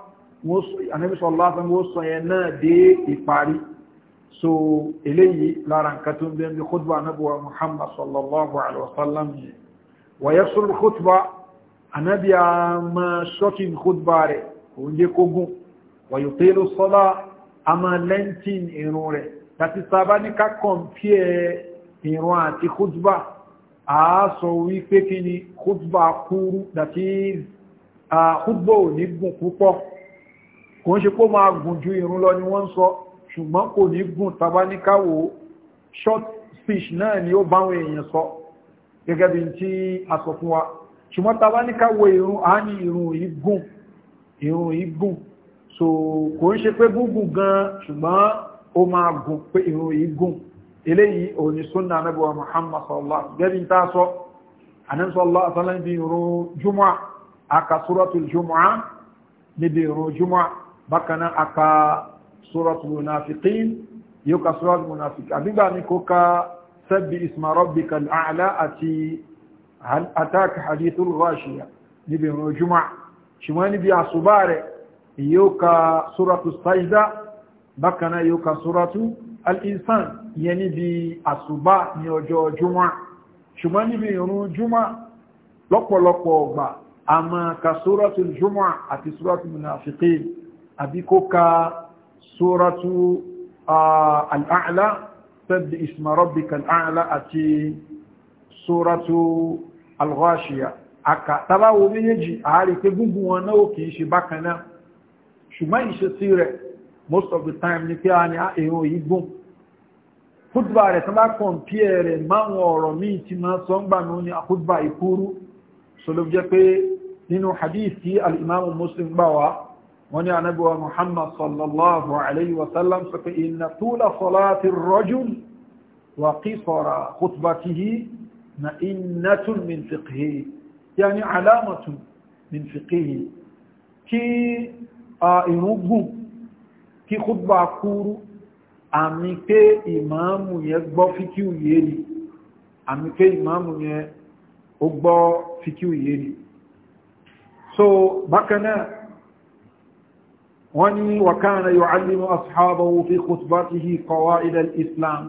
النبي صلى الله عليه وسلم وصينا دي إفاري سو إليه لا رنكتم بين بخطبة نبوة محمد صلى الله عليه وسلم ويصل الخطبة أنبيا ما شوكين خطبة ونجي ويطيل الصلاة أما لنتين إنوره tàti sábà ní ká kọ̀m̀pìẹ̀ ìrun àti khutba a wípé kí ni khutba kúrú dàtí khutba ò ní gùn púpọ̀ kò ń ṣe pó máa gùn ju ìrun lọ ni wọ́n sọ ṣùgbọ́n kò ní gùn tàbá ní káwò short speech náà ni ó báwọn èèyàn sọ gẹ́gẹ́ bí tí a sọ fún wa ṣùgbọ́n tàbá ní káwò ìrun a ní ìrun yìí gùn ìrun yìí gùn so kò ń ṣe pé gúngùn gan ṣùgbọ́n ó máa gùn pé ìrun yìí gùn eléyìí òní súnà anábíwá muhammad sallallahu gẹ́bí ń tàà sọ anẹ́sọ́lá asálẹ́ níbi ìrun jùmọ́ aka suratul jùmọ́ níbi ìrun jùmọ́ bákan náà aka suratul munafiqin yóò ka suratul munafiqin هل أتاك حديث الغاشية نبي رجمع شما نبي عصبار يوكا bákaná yóò ka sóràtú al'insan yẹn níbi àsùbá ní ọjọ́ jùmọ́ ṣùgbọ́n níbi ìrún jùmọ́ lọ́pọ̀lọpọ̀ ọgbà a máa ka sóràtú jùmọ́ àti sóràtú munafiqin àbí kó ka sóràtú al'a'la tẹ́bí ismarobika al'a'la àti sóràtú alghashiya ṣùgbọ́n ìṣesí rẹ̀ most of the time ní pé a ní ah, èèyàn yìí gùn kúdùbà rẹ̀ tán bá kọ̀m̀pìẹ̀ rẹ̀ máwọn ọ̀rọ̀ míì tí máa sọ ń gbà ní oní àkúdùbà ìkúrú sọlọ jẹ́ pé nínú hadith tí al'imamu muslim gbà wá wọ́n ní anábíwa muhammad sallallahu alaihi wasallam sọ pé inna tula salati rajul wa qisara khutbatihi na innatun min fiqhi yani alamatun min fiqhi kí a ah, irúgbùn kí kúgbà kúrú àmì pé ìmáàmù yẹn gbọ́ fíkíù yé ni àmì pé ìmáàmù yẹn ó gbọ́ fíkíù yé ni so bákanáà wọ́n ní wàkánà yóò alìmọ̀ asùhábàwò fi kùtùbá ti hì kọwa ilẹ̀ islam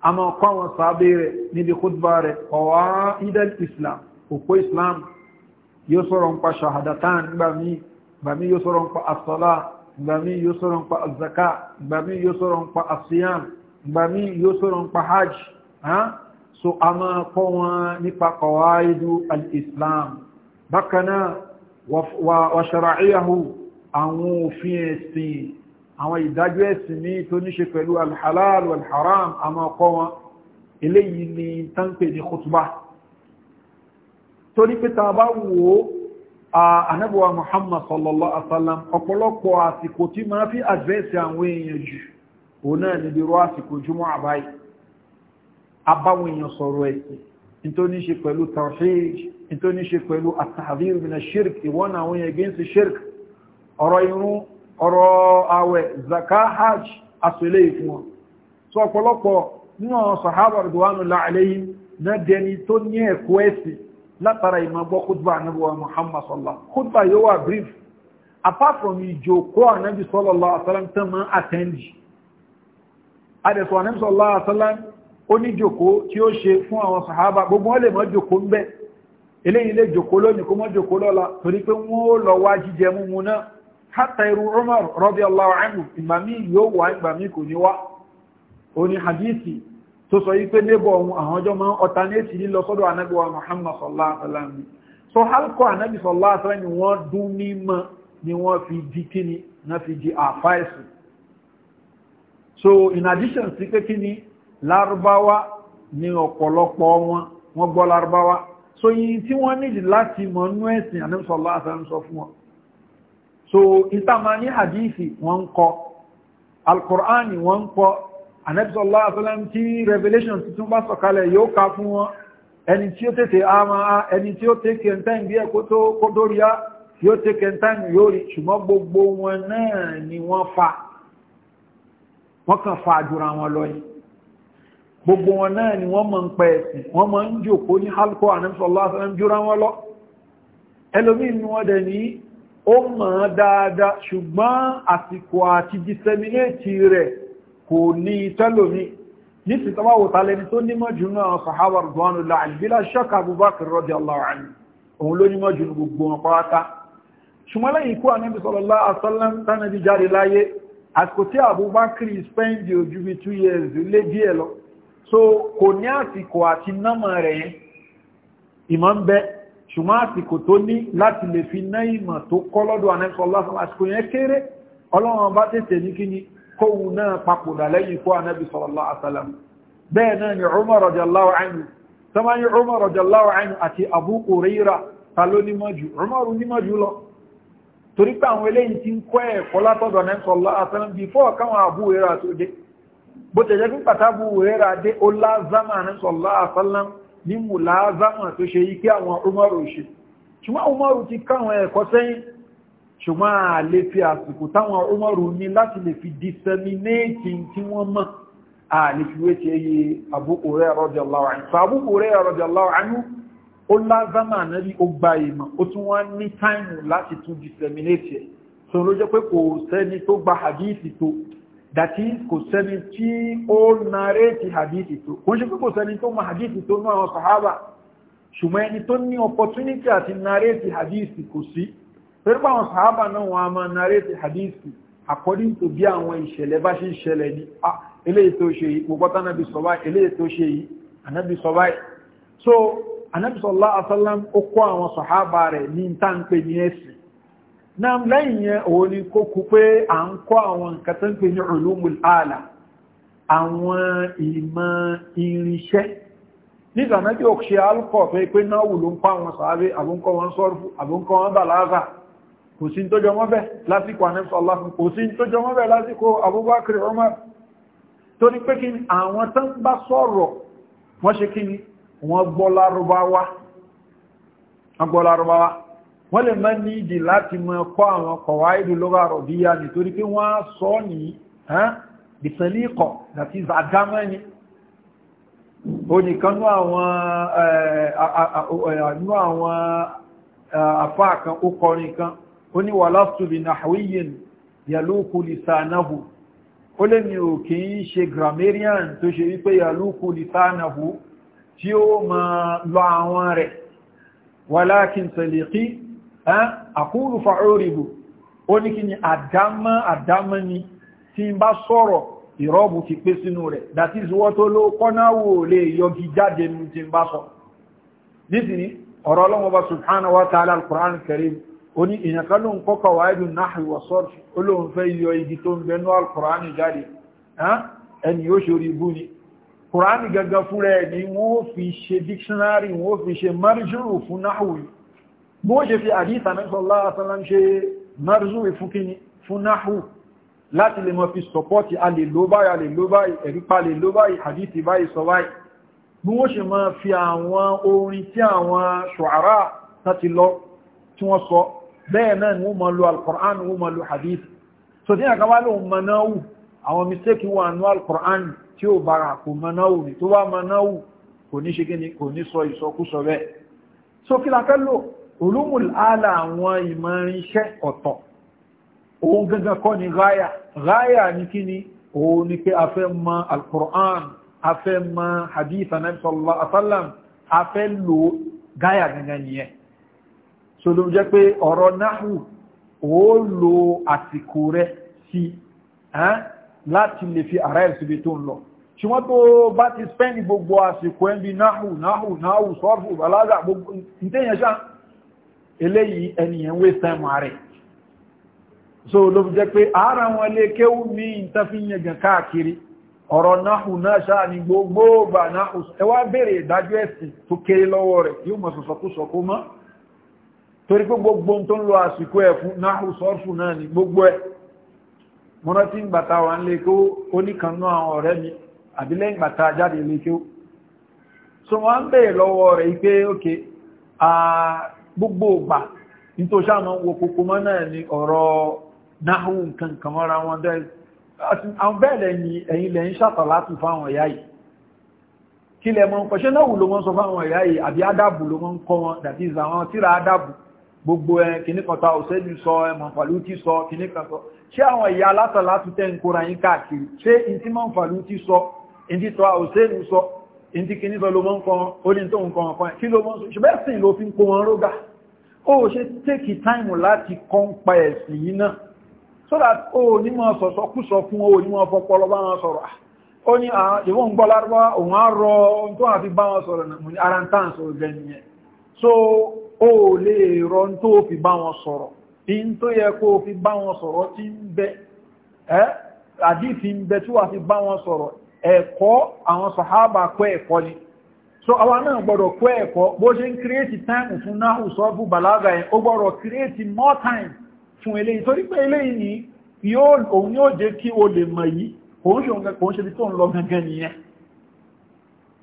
a máa kọ́ àwọn sàábé rẹ̀ níbi kùtùbá rẹ̀ kọwa ilẹ̀ islam òpó islam yóò sọ̀rọ̀ ń pa ṣahadatan gbàmí yóò sọ̀rọ̀ ń asọ́lá ìgbà míì yóò sọ̀rọ̀ nípa azaka ìgbà míì yóò sọ̀rọ̀ nípa asiyam ìgbà míì yóò sọ̀rọ̀ nípa hajj so a máa kọ́ wọn nípa qawaidu al-islam bákan náà wa shara'iyahu àwọn òfin ẹ̀sìn àwọn ìdájọ́ ẹ̀sìn ní tó ní ṣe pẹ̀lú alhalal walharam a máa kọ́ wọn eléyìí ni tánpẹ̀ ní khutbah anabuwa muhammad sallallahu alaihi wasallam ọ̀pọ̀lọpọ̀ àsìkò tí máa fi àdírẹ́sì àwọn èèyàn jù òun náà níbi rọ àsìkò jùmọ̀ àbáyé abáwọn èèyàn sọ̀rọ̀ ẹ̀sìn nítorí ṣe pẹ̀lú tawhid nítorí ṣe pẹ̀lú àtàdír mina shirk ìwọ́n àwọn èèyàn against shirk ọ̀rọ̀ irun ọ̀rọ̀ àwẹ̀ zaka hajj asọ̀lẹ̀ látara ìmọ̀ gbọ́ kútbà ànábíwá muhammad sọ́lá kútbà yóò wà brief apart from ìjòkó ànábí sọ́lọ́lá àtàlám tán máa àtẹ́ndì adẹ̀sọ̀ ànábí sọ́lá àtàlám oníjòkó tí ó ṣe fún àwọn sàhábà gbogbo wọn lè mọ́ jòkó ń bẹ́ eléyìí lè jòkó lónìí kó mọ́ jòkó lọ́la torí pé wọ́n ó lọ wá jíjẹ múmu náà hátà irú umar rọ́bí allah ọ̀hánù ìgbà míì yóò wá ìgbà míì kò ní wá òní hadithi tó sọ yí pé nébọ̀ ohun àwọn ọjọ́ máa ń ọ̀tánẹ́tì lílọ sọ́dọ̀ anábíwa Muhammad sallallahu alaihi so halkọ́ anábí sallallahu alaihi wasallam ni wọ́n dún ní mọ́ ni wọ́n fi di kíni na fi di àfáìsì so in addition sí pé kíni lárúbáwá ni ọ̀pọ̀lọpọ̀ wọn wọ́n gbọ́ lárúbáwá so yìí tí wọ́n nílì láti mọ̀ nú ẹ̀sìn anábí sallallahu alaihi sọ fún wọn so ìtàmà ní hadithi wọ́n ń kọ́ alkùránì wọ́n ń kọ́ anẹ́bísọ́lá àtọ́lẹ́m tí revelation tuntun bá sọ̀kalẹ̀ yóò ká fún wọn ẹni tí ó tètè àmà ẹni tí ó tèkè ǹtàn bí ẹkó tó kó dóríá tí ó tèkè ǹtàn yóò rí ṣùgbọ́n gbogbo wọn náà ni wọ́n fa wọ́n kàn fa àjùra wọn lọ yìí gbogbo wọn náà ni wọ́n mọ̀ ń pẹ́ ẹ̀sìn wọ́n mọ̀ ń jòkó ní halkó anẹ́bísọ́lá àtọ́lẹ́m jùra wọn lọ ẹlòmíì ni wọ́n dẹ̀ ní ó mọ̀ dáadáa ṣùgbọ́n àsìkò àti disseminate rẹ̀ kò ní tẹ́lòmí ní sí tọ́wọ́ tàlẹni tó nímọ̀ jù náà sàhábà rùdwánù láàrín bí láṣọ́kà Abubakar radiyallahu anhu òun ló nímọ̀ jù gbogbo wọn pàátá ṣùgbọ́n lẹ́yìn ikú ànábì sallallahu alaihi wasallam tánàbí jáde láyé àsìkò tí Abubakar spend ojú bí two years lé díẹ̀ lọ so kò ní àsìkò àti námà rẹ̀ yẹn ìmọ̀ ń bẹ ṣùgbọ́n àsìkò tó ní láti lè fi ná ìmọ̀ tó kọ́ lọ́dọ̀ ànábì sallallahu alaihi wasallam ọlọ́run bá tètè ní kíni kóhù náà papòdà lẹ́yìn kó anábi sallallahu alaihi wasallam bẹ́ẹ̀ náà ni Umar radiyallahu anhu tọ́mọ́ ni Umar radiyallahu anhu àti Abu Hurairah ta ló nímọ̀jù Umar nímọ̀jù lọ torí pé àwọn eléyìí ti ń kọ́ ẹ̀kọ́ látọ̀dọ̀ náà sallallahu alaihi wasallam bí fọ́ káwọn Abu Hurairah tó dé bó tẹ̀jẹ́ pín pàtà Abu Hurairah dé ó lázàmà náà sallallahu alaihi wasallam ní ṣùgbọ́n a lè fi àsìkò táwọn Umaru ní láti lè fi disseminate tí wọ́n mọ̀ a lè fi wéṣe yí Abu Hurairah radiyallahu anhu Abu Hurairah radiyallahu anhu ó lázánà náà ó gba ìmọ̀ ó tún wá ní táìmù láti tún disseminate ẹ̀ tó ló jẹ́ pé kò sẹ́ni tó gba hadithi tó dàtí kò sẹ́ni hadithi tó kò ń ṣe pé hadithi tó ní àwọn sahaba ṣùgbọ́n ẹni tó ní opportunity hadithi kò torí pé àwọn sàábà náà wọn a máa narrate hadithi according to bí àwọn ìṣẹ̀lẹ̀ bá ṣe ń ṣẹlẹ̀ ní ah eléyìí tó ṣe yìí gbogbo tánàbí sọ báyìí eléyìí tó ṣe yìí ànábì sọ báyìí so ànábì sallallahu alaihi wasallam ó kọ́ àwọn sàábà rẹ̀ ní ta ń pè ní ẹ̀sìn náà lẹ́yìn yẹn òun ni kó kú pé à ń kọ́ àwọn nǹkan tó ń pè ní ulumul ala àwọn ìmọ̀ irinṣẹ́ nígbà náà tí ó ṣe alukọ̀ pé náà wù ló ń pa àwọn sàábà àbúkọ́ wọn sọ́rùfù àbúkọ́ wọn bàlágà kò sí tó jọmọ́ bẹ́ lásìkò anẹ́sọ́láfún kò sí tó jọmọ́ bẹ́ lásìkò Abubakar Umar tó ní pé kí ni àwọn tán bá sọ̀rọ̀ wọ́n ṣe kí ni wọ́n gbọ́ Lárúbáwá wọ́n lè má ní ìdí láti mọ kọ́ àwọn kọ̀wá ìlú lọ́wọ́ àrọ̀bíyà nítorí pé wọ́n á sọ ní ìsẹ̀lẹ́kọ̀ àti ìzàdámẹ́ni ó nìkan ní àwọn àfáà kan ó kọrin kan ó ní wà láftùbí nàhàwíyìn yàlúkù lìsànáhù ó lè ní ò kí ń ṣe grammarian tó ṣe wípé yàlúkù lìsànáhù tí ó ma lọ àwọn rẹ̀ wàlákin tàlẹ̀kí àkúrù fa'óríbù ó ní kí ni àdámá àdámá ni tí ń bá sọ̀rọ̀ ti pé sínú rẹ̀ that is what ó ló kọ́náwò lè yọgi jáde ní tí ń bá sọ nítorí ọ̀rọ̀ ọlọ́wọ́ bá subhanahu wa ta'ala al karim oní ìyànká ló ń kọ́kọ̀ wà ìdùn náà ìwọ̀sọ́rọ̀ olóhun fẹ́ yọ igi tó ń bẹnú alkùránì jáde ẹni yóò ṣorí ibú ni kùránì gaga fúnra ẹ̀ ni wọ́n fi ṣe dictionary wọ́n fi ṣe marjúrù fún náhùwì bó ṣe fi àdíta mẹ́sọ̀lá asálám ṣe marjúrù fún náhù láti lè mọ́ fi sọpọ́tì a lè ló báyìí a lè ló báyìí ẹ̀rípa láti lọ tí wọ́n sọ bẹ́ẹ̀ náà wọ́n mọ̀ lo alkùrán wọ́n mọ̀ lo hadith so tí àkàwà ló mọ̀náwù àwọn mistake wà ní alkùrán tí ó bára kò mọ̀náwù ní tó wá mọ̀náwù kò ní ṣe gíní kò ní sọ ìsọkúsọ rẹ̀ so kí lákẹ́ lò olómùl àlà àwọn ìmọ̀rinṣẹ́ ọ̀tọ̀ òun gangan kọ́ ni ráyà ráyà ní kí ni òun ni pé a fẹ́ mọ̀ alkùrán a fẹ́ hadith anabi sallallahu alaihi lo gáyà gangan nìyẹn so ló jẹ́ pé ọ̀rọ̀ náhù ó lo àsìkò rẹ̀ sí láti lè fi ara ẹ̀sùnbí tó ń lọ ṣùgbọ́n tó bá ti spẹ́ndì gbogbo àsìkò ẹ̀mí náhù náhù náhù sọ́fù balaga gbogbo ìtẹ́yẹn ṣá eléyìí ẹniyàn wé sẹ́mù rẹ̀ so ló jẹ́ pé ara wọn lè kéwú ní ìtafíyàngàn káàkiri ọ̀rọ̀ náhù náà ṣáà ní gbogbo bà náhù ẹwà bèèrè ìdájọ́ ẹ̀sìn tó kéré lọ́wọ́ rẹ̀ yóò mọ̀ sọ̀sọ̀kú sọ̀kú mọ́ torí pé gbogbo tó ń lọ àsìkò ẹ̀ fún náà sọ́ọ̀fù náà ni gbogbo ẹ̀ mọ́nà tí ń gbàta wà ń lè kó oníkanná àwọn ọ̀rẹ́ mi àbí lẹ́yìn jáde lè kó so wọ́n ń bèèrè lọ́wọ́ rẹ̀ pé ókè gbogbo ògbà nítorí sáà ń wo kókó mọ́ ni ọ̀rọ̀ náà nǹkan kan mọ́ra wọn dẹ́ àwọn bẹ́ẹ̀ lẹ́yìn ẹ̀yìn lẹ́yìn ṣàtọ̀lá tù fáwọn ẹ̀yà yìí kí lẹ mọ́ ń kọ́ ṣé náà wù ló mọ́ sọ fáwọn ẹ̀yà yìí àbí ádàbù ló mọ́ ń kọ́ wọn dàbí ìzàwọn tíra ádàbù gbogbo ẹ kìníkọta òṣèlú sọ ẹmọ̀ fàlútí sọ kìníkọta ṣé àwọn ìyá alátọ̀ láti tẹ́ ń kóra yín káàkiri ṣé ìtí mọ́ fàlútí sọ ìdí tọ́ òṣèlú sọ ìdí kìníkọ ló mọ́ ń kan orí tó ń kan kan kí ló mọ́ sọ ṣùgbẹ́ kọ́ pa ẹ̀sìn so that ó ní mọ́ sọ̀sọ́ kú sọ fún ó ní mọ́ fọpọlọ bá wọn sọ̀rọ̀ ó ní ìwọ̀n gbọ́ lárúbá òun á rọ ohun tó so ó lè rọ tó fi bá wọn sọ̀rọ̀ tí ń tó yẹ kó fi bá wọn sọ̀rọ̀ tí ń bẹ ẹ́ àdífi ń bẹ tí wà fi bá wọn sọ̀rọ̀ ẹ̀kọ́ àwọn sàhábà kọ́ ẹ̀kọ́ ni so àwa náà gbọ́dọ̀ kọ́ ẹ̀kọ́ bó ṣe ń kírétì táìmù fún náà sọ fún bàlágà yẹn ó gbọ́dọ̀ kírétì more time fún eléyìí torí pé eléyìí ni òun yóò jẹ́ kí o lè mọ̀ yìí kò ń ṣe bí tó ń lọ gangan nìyẹn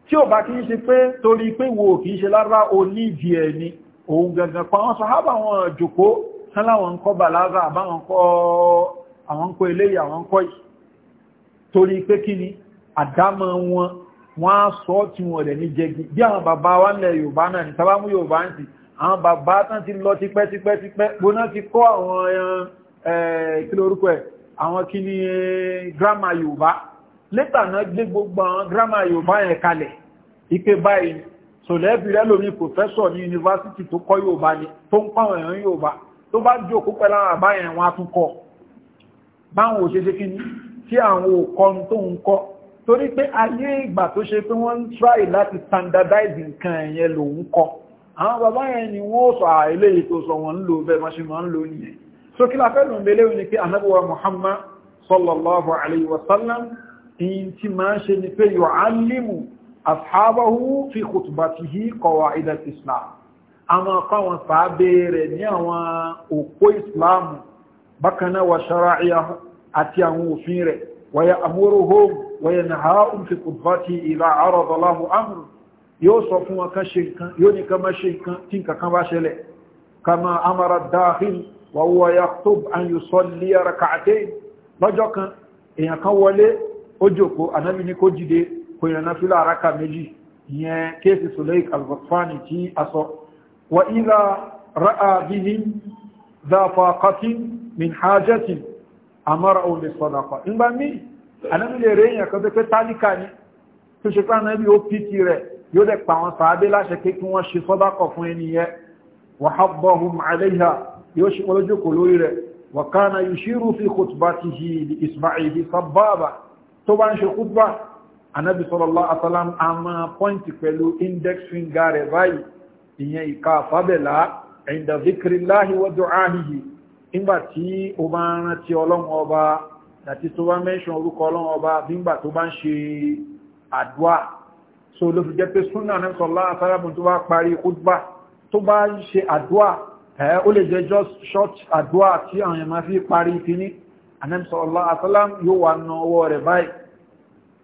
tí ò bá kí ń ṣe pé torí pé wo kì í ṣe lára onídìí ẹni òun gangan pa àwọn sàhábà wọn jòkó tán láwọn ń kọ́ bàlágà àbáwọn kọ́ àwọn ń kọ́ eléyìí àwọn ń kọ́ yìí torí pé kí ni àdámọ̀ wọn wọ́n á sọ tí wọ́n rẹ̀ ní jẹgi bí àwọn bàbá wa nílẹ̀ yorùbá náà ní sábàmú yorùbá ń sì àwọn bàbá tán ti lọ tipẹ́ tipẹ́ ipe báyìí so lẹ́bìrẹ́ lómi pòfẹ́sọ̀ ní yunifásitì tó kọ́ yóò bá ní tó ń pàwọn èèyàn yóò bá tó bá jò kó pẹ̀lá àbáyẹn wọn tún kọ báwọn òṣèṣe kí ní tí àwọn òkọrun tó ń kọ torí pé ayé ìgbà tó ṣe pé wọ́n ń try láti standardize nǹkan ẹ̀yẹn lòun kọ àwọn bàbá yẹn ni wọ́n sọ àìlè ètò sọ wọ́n ń lò bẹ́ẹ̀ máa ṣe máa ń lò nìyẹn so kí la fẹ́ lò ń belé ni pé anábọ̀wá Muhammad sallallahu alayhi wa sallam ìyìn tí máa ń ṣe ni pé yóò ashabahu fi khutbatihi qawaid al-islam ama kawọn sàábẹ̀ rẹ̀ ní àwọn òpó islam bákanáà wa shara'iyahu àti àwọn òfin rẹ̀ wa ya'muruhum wa yanhahum fi khutbatihi idha arada lahu amru yóò sọ fún wọn kan ṣe nǹkan yóò ní kan má ṣe nǹkan tí nǹkan kan bá ṣẹlẹ̀ kama amara dakhil wa huwa yakhutub an yusalli rak'atayn lọ́jọ́ kan èèyàn kan wọlé ó jókòó ànábì ní kó kò yẹn na fílà àrákà méjì ìyẹn kéèsì Sulaik al-Ghatfani tí a sọ wa ìlà ra'a bihim dhafaqatin min hajjatin amara òun lè sadaqa nígbà míì anábì lè rẹ̀ èèyàn kan tó pé tálíkà ni tó ṣe pé anábì ó pìtì rẹ̀ yóò dẹ̀ pa àwọn sàábé láṣẹ pé kí wa kana yushiru fi khutbatihi li ismaili sababa tó bá ń ṣe khutba anabi sallallahu alaihi wasallam a máa pọ́ǹtì pẹ̀lú index finger rẹ̀ báyìí ìyẹn ìka àfábẹ̀lá inda zikrillahi wa du'ahihi nígbà tí ó bá ń rántí ọlọ́run ọba àti tó bá mẹ́ṣàn orúkọ ọlọ́run ọba nígbà tó bá ń ṣe àdúà so ló fi jẹ́ pé súnà anabi sallallahu alaihi yóò wà ná ọwọ́ rẹ̀ báyìí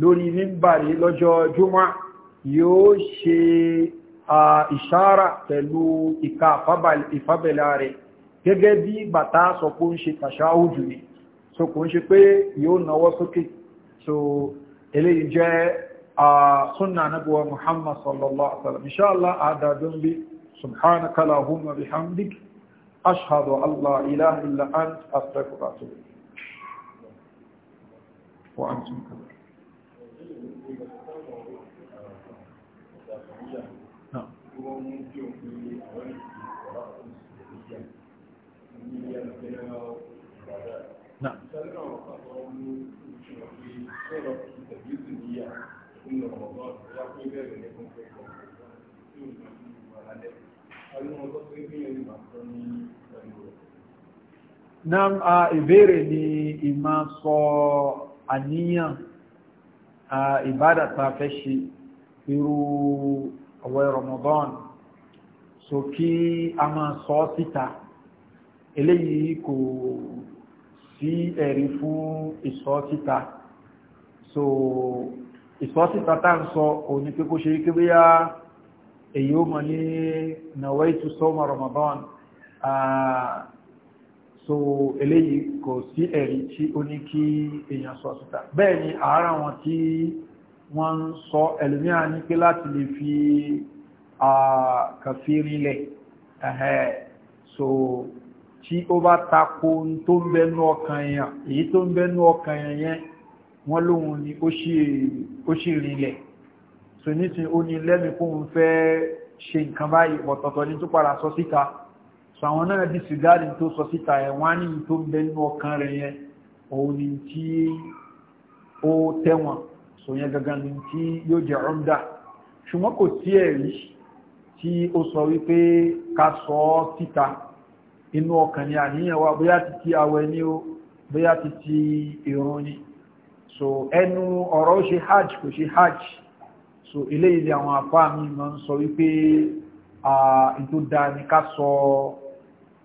lórí mímbàrí lọ́jọ́ jùmọ́ yóò ṣe ìṣára pẹ̀lú ìka ìfábẹ̀lá rẹ̀ gẹ́gẹ́ bí bàtà sọ kó ń ṣe tàṣà òjò ni so kò ń ṣe pé yóò náwọ́ sókè so eléyìí jẹ́ sunna nabuwa muhammad sallallahu alaihi wasallam inshallah adadun bi subhanaka allahumma bihamdik wa antum kadhalik mú kí o fi àwọn ìsìn ọ̀rọ̀ fún ìsìnkú ní ẹgbẹ́ ọ̀gá. Ìṣẹ́lẹ̀ náà pàtó mú ìṣòro pé sọ̀rọ̀ ìtẹ̀bí sì ní yà nínú ọ̀gá wá pé bẹ̀rẹ̀ ní kọ́kọ́ kọ̀ọ̀kan tí ó máa ń wà lálẹ́. Àwọn ọmọ tó ń gbìyànjú máa sọ ní ẹnu rẹ̀. Nam a ìbéèrè ni ìmá sọ àníyàn ìbádàta fẹ́ ṣe irú ọwọ́ Ramadan so kí a máa sọ síta eléyìí kò sí ẹ̀rí fún ìsọ síta so ìsọ síta tá ń sọ òní pé kó ṣe rí kí bóyá èyí ó mọ̀ ní nawaitu sọ́mọ̀ Ramadan so eléyìí kò sí ẹ̀rí tí ó ní kí èèyàn sọ síta bẹ́ẹ̀ ni àárá wọn tí wọ́n ń sọ ẹlòmíràn ní pé láti lè fi kàfírílẹ̀ so tí ó bá tako tó ń bẹnu ọkàn èèyàn èyí tó ń bẹnu ọkàn èèyàn yẹn wọ́n lóhun ni ó ṣì rinlẹ̀ so nísìn ó ní lẹ́mìí fóun fẹ́ ṣe nǹkan báyìí ọ̀tọ̀ọ̀tọ̀ ní tó padà sọ síta so àwọn náà di sìgáàdì tó sọ síta ẹ̀ wọ́n á ní tó ń bẹ nínú ọkàn rẹ̀ yẹn òun ni tí ó tẹ̀wọ̀n so yẹn gangan ni tí yóò jẹ́ ọ̀dà ṣùgbọ́n kò sí ẹ̀rí tí ó sọ wípé ká sọ ọ́ síta inú ọkàn ni àníyàn wa bóyá ti ti àwẹ̀ ní o bóyá ti ti ìrun ni so ẹnu ọ̀rọ̀ ó ṣe hajj kò ṣe hajj so eléyìí ni àwọn àpá mi ma ń sọ wípé ètò dáa ni ká sọ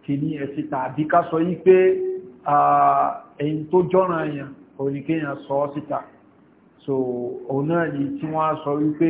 kìíní ẹ̀ síta àbí ká sọ yí pé ẹ̀yìn tó jọ́ràn èèyàn òní kéèyàn sọ ọ́ síta so òun náà ni tí wọ́n á sọ wípé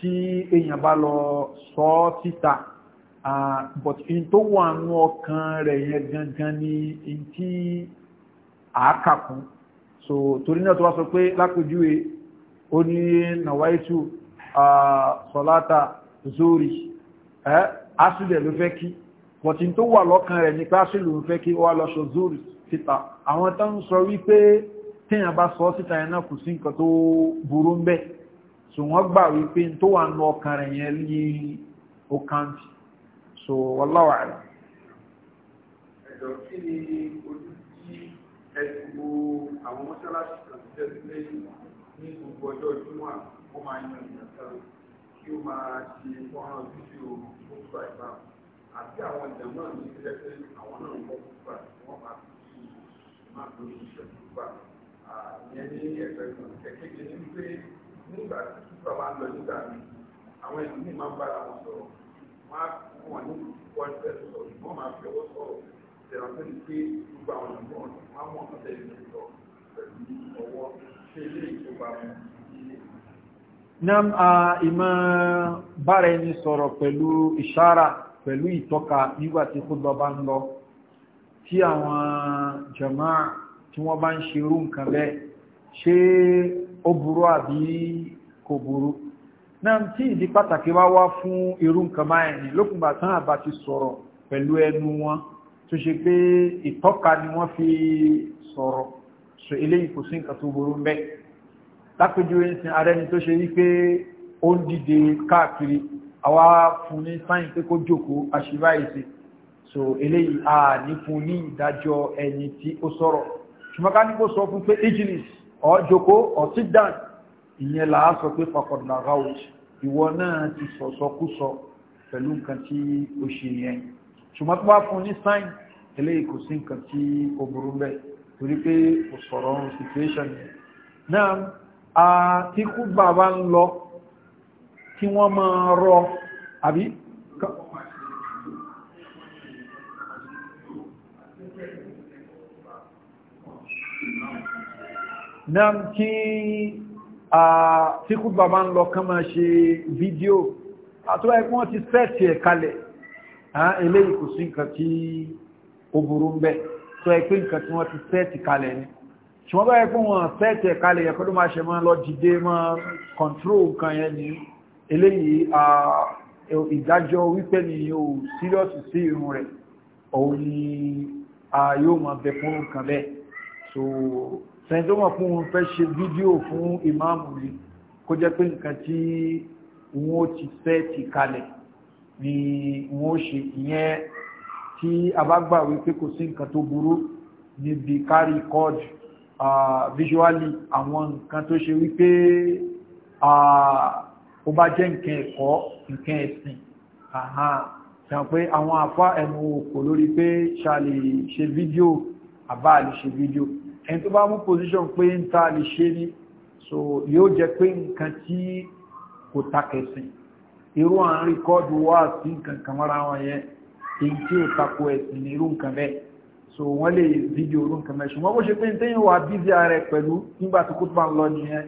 tí èèyàn bá lọ sọ ọ́ síta but in tó wà nú ọkàn rẹ̀ yẹn gangan ni in tí àákàkún so torí náà tó wá sọ pé lápèjúwe ó ní nàwáìtù sọ̀láta zori asílẹ̀ ló fẹ́ kí but in tó wà lọ́kàn rẹ̀ ní pé asílẹ̀ ló fẹ́ kí ó wá lọ sọ zori síta àwọn tó ń sọ wípé téèyàn bá sọ síta yẹn náà kò sí nǹkan tó burú ń bẹ́ẹ̀ so wọ́n gbà wípé tó wà nù ọkàn rẹ̀ yẹn ní okanti so wallahu a'lam. ẹ̀dọ̀ kí ni ojú tí ẹ̀sìnkú àwọn mọ́ṣáláṣí kan ti tẹ́sí lẹ́yìn ní gbogbo ọjọ́ ìjúmọ́ àkókò máa ń yan ìyàtọ̀ kí ó máa ṣe fọ́nrán fídíò tó gbà àti àwọn ìjà náà ní ìpínlẹ̀ pé àwọn náà ń bọ́ púpà wọ́n máa fi máa lórí ìṣẹ́ púpà ìyẹn ní ẹgbẹ́ nígbà tí kíkọ́ máa ń lọ nígbà mi àwọn ẹ̀lú mi máa ń bára wọn sọ̀rọ̀ wọ́n á wọ̀n ní wọ́n fẹ́ sọ̀rọ̀ wọ́n máa fi ọwọ́ sọ̀rọ̀ tẹ̀rọ tó ní pé gbogbo àwọn ìlú wọn wọ́n mọ̀ ọ́n tẹ̀lé ní sọ pẹ̀lú ọwọ́ ṣé ilé ìjọba wọn nam a bára ẹni sọ̀rọ̀ pẹ̀lú ìṣára pẹ̀lú ìtọ́ka nígbà tí kúdọ̀ bá ń lọ tí àwọn jàmáà tí wọ́n bá ń ṣe irú nǹkan bẹ́ẹ̀ ṣé ó burú àbí kò burú náà tí ìdí pàtàkì wá wá fún irú nǹkan máa ẹ̀yìn lókùnbà tán àbá ti sọ̀rọ̀ pẹ̀lú ẹnu wọn tó ṣe pé ìtọ́ka ni wọ́n fi sọ̀rọ̀ so eléyìí kò sí nǹkan tó burú mbẹ́ lápẹjú ẹ̀sìn ààrẹ ni tó ṣe wípé ó ń dìde káàkiri àwa fún ní sáyìn pé kó jókòó àṣìbá so eléyìí a ní fún ní ìdájọ́ ẹni tí ó sọ̀rọ̀ ṣùgbọ́n ká ní kó sọ fún pé agilis ọjọ́kó ọ̀tídàn ìyẹn làá sọ pé fakọ̀dà ráwùt ìwọ náà ti sọ̀sọ̀kúsọ pẹ̀lú nǹkan tí ó ṣe yẹn ṣùgbọ́n tó bá fún ní sáìn eléyìí kò sí nǹkan tí ó burú bẹ́ẹ̀ torí pé kò sọ̀rọ̀ ọ̀run situation yẹn náà àtikú bàbá ń lọ tí wọ́n máa rọ àbí náà kí tí kúgbà bá ń lọ kán máa ṣe fídíò àtúwà ẹkùn wọn ti sẹ́ẹ̀tì ẹ̀ kalẹ̀ eléyìí kò sí nǹkan tí ó burú ń bẹ̀ tó ẹ pé nǹkan tí wọ́n ti sẹ́ẹ̀tì kalẹ̀ ni ṣùgbọ́n bá ẹkùn wọn sẹ́ẹ̀tì ẹ̀ kalẹ̀ yẹn kó máa ṣe máa lọ dìde máa kọ̀ǹtró nǹkan yẹn ni eléyìí ìdájọ́ wípé ni o síríọ̀sì sí irun rẹ̀ òun ni yóò máa bẹ fún nǹkan bẹ́ẹ̀ so sẹ́yìn tó mọ̀ fún un fẹ́ ṣe fídíò fún ìmáàmù ni kó jẹ́ pé nǹkan tí wọ́n ti fẹ́ ti kalẹ̀ ni wọ́n ṣe ìyẹn tí a bá gbà wípé kò sí nǹkan tó burú níbi kárí kọ́ọ̀dù visually àwọn nǹkan tó ṣe wípé ó bá jẹ́ nǹkan ẹ̀kọ́ nǹkan ẹ̀sìn sàn pé àwọn afá ẹnu òkò lórí pé ṣe fídíò àbá lè ṣe fídíò ẹni tó bá mú position pé ń ta lè ṣe ní so yóò jẹ pé nǹkan tí kò takẹ̀sìn irú à ń rìkọ́dù wá sí nǹkan kan wọn yẹn èyí tí ò takò ẹ̀sìn ní irú nǹkan bẹ́ẹ̀ so wọ́n lè fídíò irú nǹkan bẹ́ẹ̀ ṣùgbọ́n bó ṣe pé téèyàn wà bízí ara pẹ̀lú nígbà tó kó tó lọ nìyẹn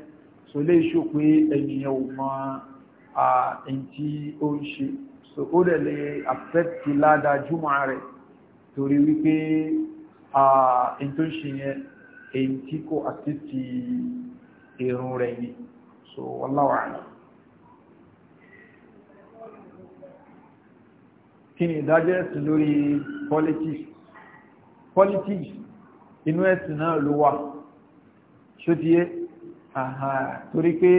so lè ṣó pé ènìyàn ò mọ èyí tí ó ń ṣe so ó dẹ̀ lè affect ládàá jùmọ̀ rẹ̀ torí wípé èyí tó ń ṣe yẹn èyí tí kò àti ti èrò rẹ̀ ni so wallahu a'lam kí ni ìdájọ́ ẹ̀sìn lórí politics politics inú ẹ̀sìn náà ló wà ṣó ti yé torí pé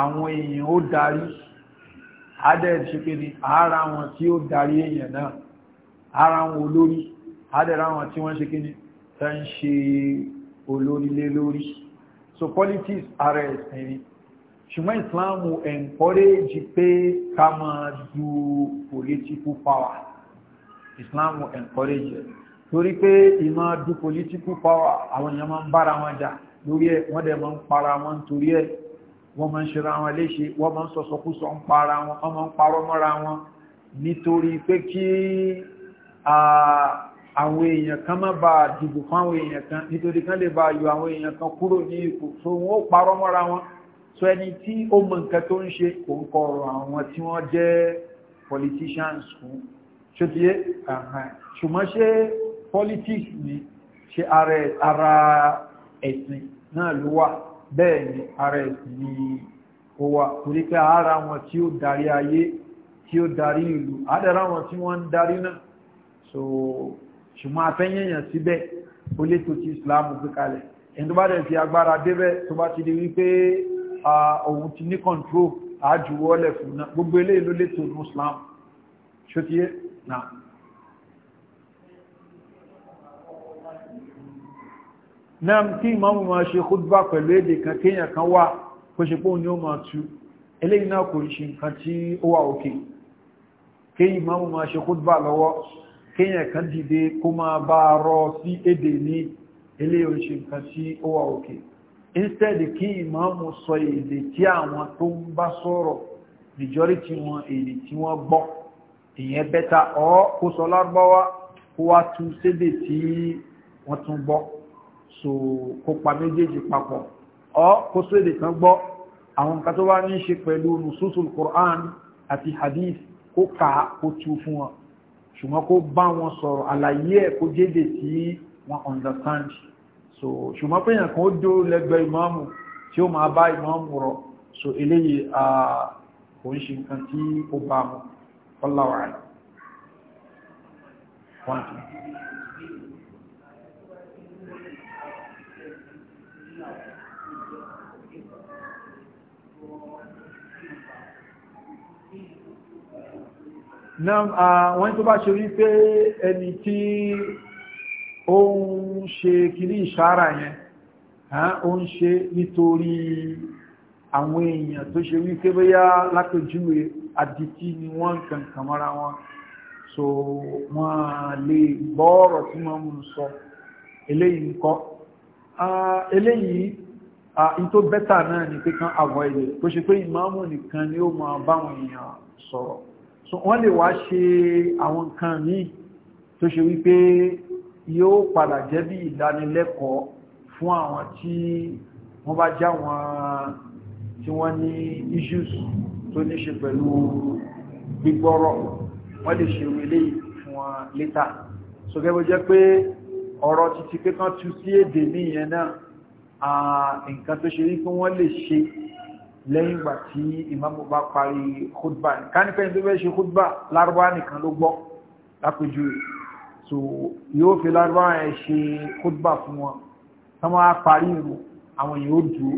àwọn èèyàn ó darí adẹ́ẹ̀dì ṣe pé ni ara wọn tí ó darí èèyàn náà ara wọn olórí adẹ́ẹ̀rẹ́ àwọn tí wọ́n ṣe kí ni tá ń ṣe olórílé lórí so politics ara ẹ̀sìn ni ṣùgbọ́n Islam encourage pé ká máa du political power Islam encourage ẹ̀ torí pé ìmọ̀ du political power àwọn èèyàn máa ń bára wọn jà lórí ẹ̀ wọ́n dẹ̀ máa ń para wọn torí ẹ̀ wọ́n máa ń ṣe ra wọn léṣe wọ́n máa ń sọ̀sọ̀kúsọ̀ ń para wọn wọ́n máa ń parọ́ mọ́ra wọn nítorí pé kí àwọn èèyàn kan má bá dìbò fún àwọn èèyàn kan nítorí kan lè bá yọ àwọn èèyàn kan kúrò ní ipò so wọn ó parọ́ mọ́ra wọn so ẹni tí ó mọ nǹkan tó ń ṣe kò àwọn tí wọ́n jẹ́ politicians fún ṣókíyé ṣùgbọ́n ṣe politics ni ṣe ara ẹ̀sìn náà ló wà bẹ́ẹ̀ ni ara ẹ̀sìn ni ó wà torí pé ara wọn tí ó darí ayé tí ó darí ìlú àdára wọn tí wọ́n ń darí náà so ṣùgbọ́n afẹ́yẹ̀yàn síbẹ̀ ó lè tó ti islam gbé kalẹ̀ ẹni tó bá dẹ̀ fi agbára débẹ̀ tó bá ti di wípé òun ti ní control àjùwọ́lẹ̀ fún náà gbogbo eléyìí ló lè tó ní islam ṣótíyé náà. náà tí ìmọ̀mù máa ṣe khutba pẹ̀lú èdè kan kéèyàn kan wà kó ṣe pé òun ni ó máa tu eléyìí náà kò ṣe nǹkan tí ó wà òkè kéèyàn ìmọ̀mù máa ṣe khutba lọ́wọ́ kéèyàn kan dìde kó máa bá rọ sí èdè ní ilé oṣù nǹkan sí ó òkè instead kí ìmáàmù sọ èdè tí àwọn tó ń bá sọ̀rọ̀ majority wọn èdè tí wọ́n gbọ́ ìyẹn bẹ́ta ọ́ kó sọ lárúbáwá kó wá tú sédè tí wọ́n tún gbọ́ so kó pa méjèèjì papọ̀ ọ́ kó sọ èdè kan gbọ́ àwọn nǹkan tó bá ní ṣe pẹ̀lú nususul Qur'an àti hadith kó kà á kó tú fún wọn ṣùgbọ́n kó bá wọn sọ̀rọ̀ àlàyé ẹ̀ kó jéde tí wọ́n understand so ṣùgbọ́n pé èèyàn kan ó dó lẹ́gbẹ̀ẹ́ ìmáàmù tí ó máa bá ìmáàmù rọ̀ so eléyìí kò ń ṣe nǹkan tí ó bá mu ọláwàá náà wọ́n tó bá ṣe rí pé ẹni tí ó ń ṣe kìlí ìṣára yẹn ó ń ṣe nítorí àwọn èèyàn tó ṣe wípé bóyá lápèjúwe àdìtí ni wọ́n ń kàn kàn wọn so wọ́n lè gbọ́ ọ̀rọ̀ tí wọ́n mú sọ eléyìí nǹkan eléyìí in tó bẹ́tà náà ni pé kan avoid tó ṣe pé ìmáàmù nìkan ni ó máa báwọn èèyàn sọ̀rọ̀ so wọ́n lè wá ṣe àwọn nǹkan míì tó ṣe wípé yóò padà jẹ́ bí ìdánilẹ́kọ̀ọ́ fún àwọn tí wọ́n bá já wọn tí wọ́n ní issues tó ní ṣe pẹ̀lú gbígbọ́rọ̀ wọ́n lè ṣe orílẹ̀ fún wọn létà so gẹ́gbẹ́ jẹ́ pé ọ̀rọ̀ títí pé kan tú sí èdè ní ìyẹn náà nǹkan tó ṣe wípé wọ́n lè ṣe lẹ́yìn ìgbà tí ìmáàmù bá parí khutba ní kánífẹ́ tó fẹ́ ṣe khutba lárúbá nìkan ló gbọ́ lápẹjú so yóò fi lárúbá ẹ̀ ṣe khutba fún wọn tán máa parí ìrù àwọn yóò dúró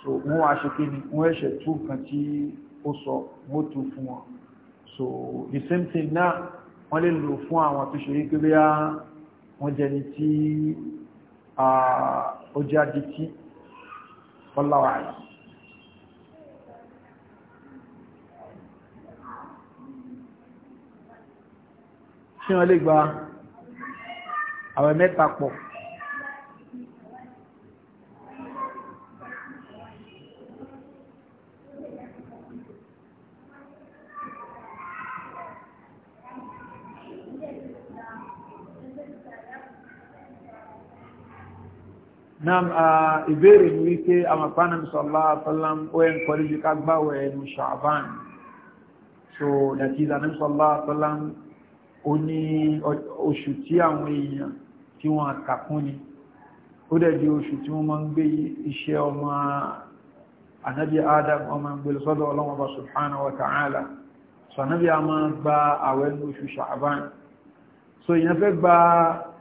so wọ́n wá ṣe kí ni wọ́n ẹ̀ṣẹ̀ tún kan tí ó sọ wọ́n tún fún wọn so the same thing náà wọ́n lè lò fún àwọn tó ṣe wípé bí wọ́n jẹ́ ni tí ah, ó jáde tí wọ́n yìí tí wọ́n lè gba àwẹ̀ mẹ́ta pọ̀ Naam ìbéèrè ní wípé àmàpánà sallallahu alaihi wasallam ó ẹn kọrí jí ká gbáwẹ̀ ẹnu Sha'ban. So, that is, àmàpánà sallallahu alaihi wasallam ó ní oṣù tí àwọn èèyàn tí wọ́n àkàkún ni ó dẹ̀ di oṣù tí wọ́n máa ń gbé iṣẹ́ ọmọ anábí adam ọmọ ìgbèlè sọ́dọ̀ ọlọ́wọ́ bá subhanahu wa ta'ala so anábí a máa gba àwẹ̀ oṣù sha'aban so èèyàn fẹ́ gba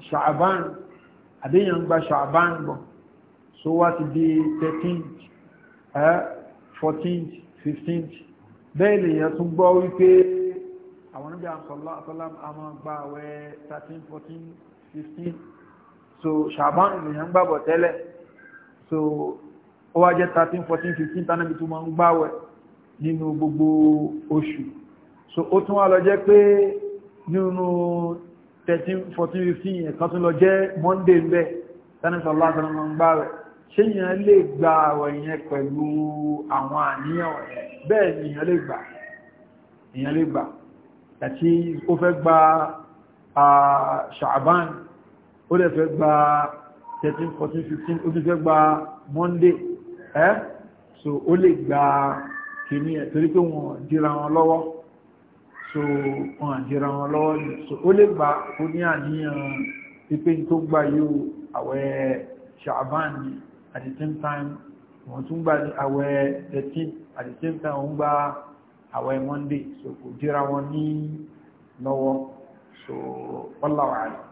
sha'aban àdéyàn gba sha'aban bọ̀ so wá ti di 13th eh, 14th 15th bẹ́ẹ̀ lèyàn tún gbọ́ wípé ànábì àṣọlá àṣọlám àmọ́ gba àwẹ̀ thirteen fourteen fifteen so ṣàbán ènìyàn gbàgbọ́ tẹ́lẹ̀ so ó wá jẹ́ thirteen fourteen fifteen tánàbí tó máa ń gbàwẹ̀ nínú gbogbo oṣù so ó tún wá lọ jẹ́ pé nínú thirteen fourteen fifteen kan tún lọ jẹ́ monday ń bẹ̀ tánàbí sọlá àṣọlám máa ń gbàwẹ̀ ṣé èèyàn lè gba àwẹ̀ yẹn pẹ̀lú àwọn àníyàn bẹ́ẹ̀ ni èèyàn lè gbà èèyàn lè gbà àti ó fẹ́ gba ṣàbán ó lè fẹ́ gba 13 14 15 ó tún fẹ́ gba monday ẹ́ eh? so ó lè gba kìíní ẹ̀ torí pé wọ́n dira wọn lọ́wọ́ so wọ́n dira wọn lọ́wọ́ ni so ó lè gba ó ní àníyàn pípé tó gba yóò àwẹ̀ ṣàbán ni at the same time wọ́n tún gba àwẹ̀ 13 at the same time wọ́n gba àwẹ̀ monday so kò jíra wọn ní lọ́wọ́ so wallahu a'lam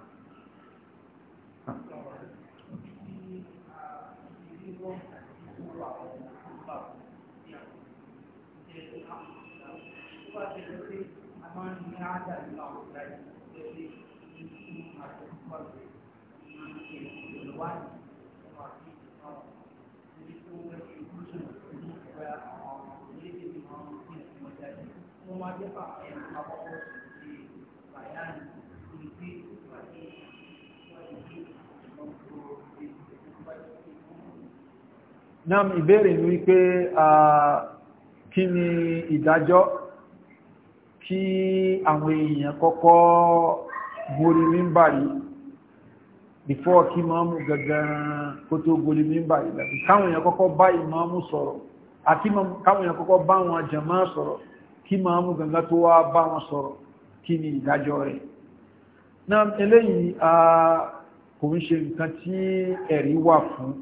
One. náà ìbéèrè ní wípé kí ni ìdájọ́ kí àwọn èèyàn kọ́kọ́ gorí mímbà yìí before kí máàmù gangan kó tó gorí mímbà yìí láti káwọn èèyàn kọ́kọ́ bá ìmáàmù sọ̀rọ̀ sọ̀rọ̀ kí gangan tó wá bá wọn sọ̀rọ̀ kí ni ìdájọ́ rẹ̀ kò ń ṣe nǹkan tí ẹ̀rí wà fún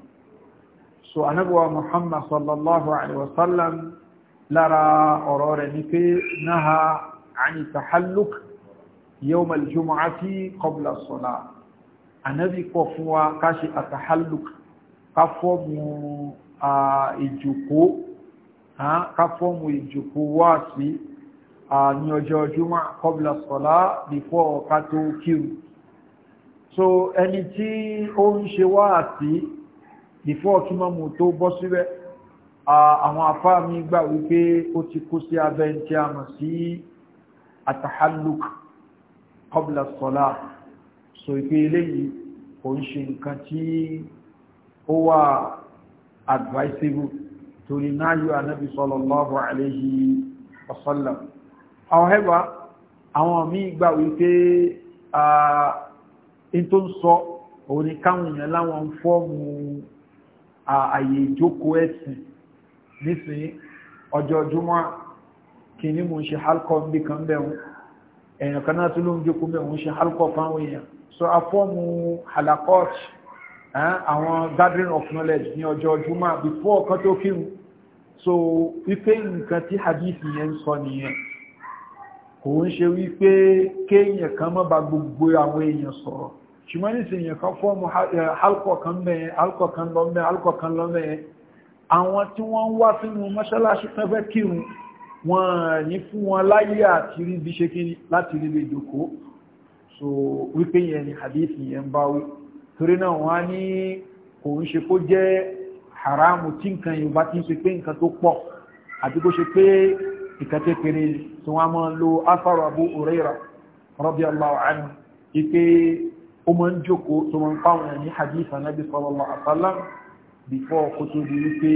so anabuwa muhammad sallallahu alaihi wasallam lára ọ̀rọ̀ rẹ̀ ní pé náà àni tahalluk yawm al-jumu'ati qabla as-salah anabi kọ̀ fún wa ká ṣe àtahalluk ká fọ́ọ̀mù ìjòkó ká fọ́ọ̀mù wá sí ní ọjọ́ jùmọ́ kọbílá sọ́lá bífọ́ ọ̀ká tó kíru so ẹni tí ó ń ṣe wá àti before kí mọ́mù tó bọ́ síbẹ̀ àwọn afá mi gbà wípé ó ti kó sí abẹ́ tí a mọ̀ sí atahalluk qabla sọ́lá so ìpé eléyìí kò ń ṣe nǹkan tí ó wà advisable torí náyò anábi sallallahu alayhi wa however àwọn míì gbà wípé in tó ń sọ òun ni káwọn èèyàn láwọn fọ́ọ̀mù ààyè ìjókòó ẹ̀sìn nísìnyí ọjọ́ júmọ́ kí ní mo ń ṣe halkọ́ bí kan bẹ̀rún èèyàn kan náà tí ló ń jókòó bẹ̀rún ṣe halkọ́ fáwọn èèyàn so afọ́mù halakot àwọn gathering of knowledge ní ọjọ́ júmọ́ before ọ̀kan tó kírun so wípé nǹkan tí hadith yẹn ń sọ nìyẹn kò ń ṣe wípé kéèyàn kan má ba gbogbo àwọn èèyàn sọ̀rọ̀ ṣùgbọ́n nísìnyí kan fọ́ọ̀mù alkọ̀kan bẹ́ẹ̀ alkọ̀kan lọ bẹ́ẹ̀ alkọ̀kan lọ bẹ́ẹ̀ àwọn tí wọ́n wá sínú mọ́ṣáláṣí pẹ́fẹ́ kírun wọ́n ní fún wọn láyé àti rí bí ṣe kíní láti rí lè so wípé yẹn ni hadith yẹn ń báwí torí náà wọ́n á ní kò ń ṣe kó jẹ́ haramu tí nǹkan yìí bá ti ń ṣe pé nǹkan tó pọ̀ àti kó ṣe pé ìkàtẹ́ péré tí wọ́n máa lo afárò Abu Hurairah radiyallahu anhu ike ó máa ń jókòó tó máa ń pàwọn ẹni hadith anabi sallallahu alaihi wasallam before kó tó di wípé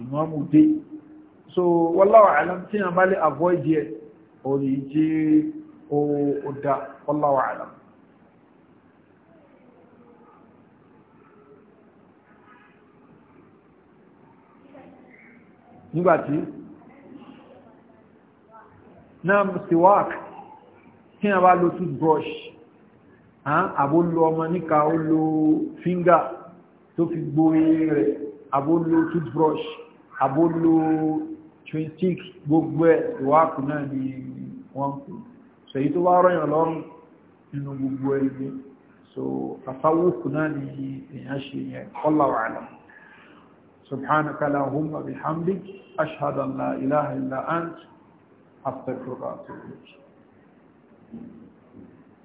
ìmọ̀ọ́mù dé so wallahu a'lam tí a bá lè avoid yẹ orí jẹ́ ọ̀dà wallahu a'lam. nígbàtí náà siwak tí a bá lo toothbrush àbó lo ọmọ níka ó lo fíngà tó fi gbó eyín rẹ̀ àbó lo toothbrush àbó lo chewing stick gbogbo ẹ̀ ìwáàkù náà ni wọ́n kú ṣèyí tó wá rọ̀yàn lọ́rùn nínú gbogbo ẹgbẹ́ so àfáwọ́kù náà ni èèyàn ṣe yẹn wallahu a'lam subhanaka allahumma bihamdik ashhadu an la ilaha illa ant astaghfiruka wa atubu ilayk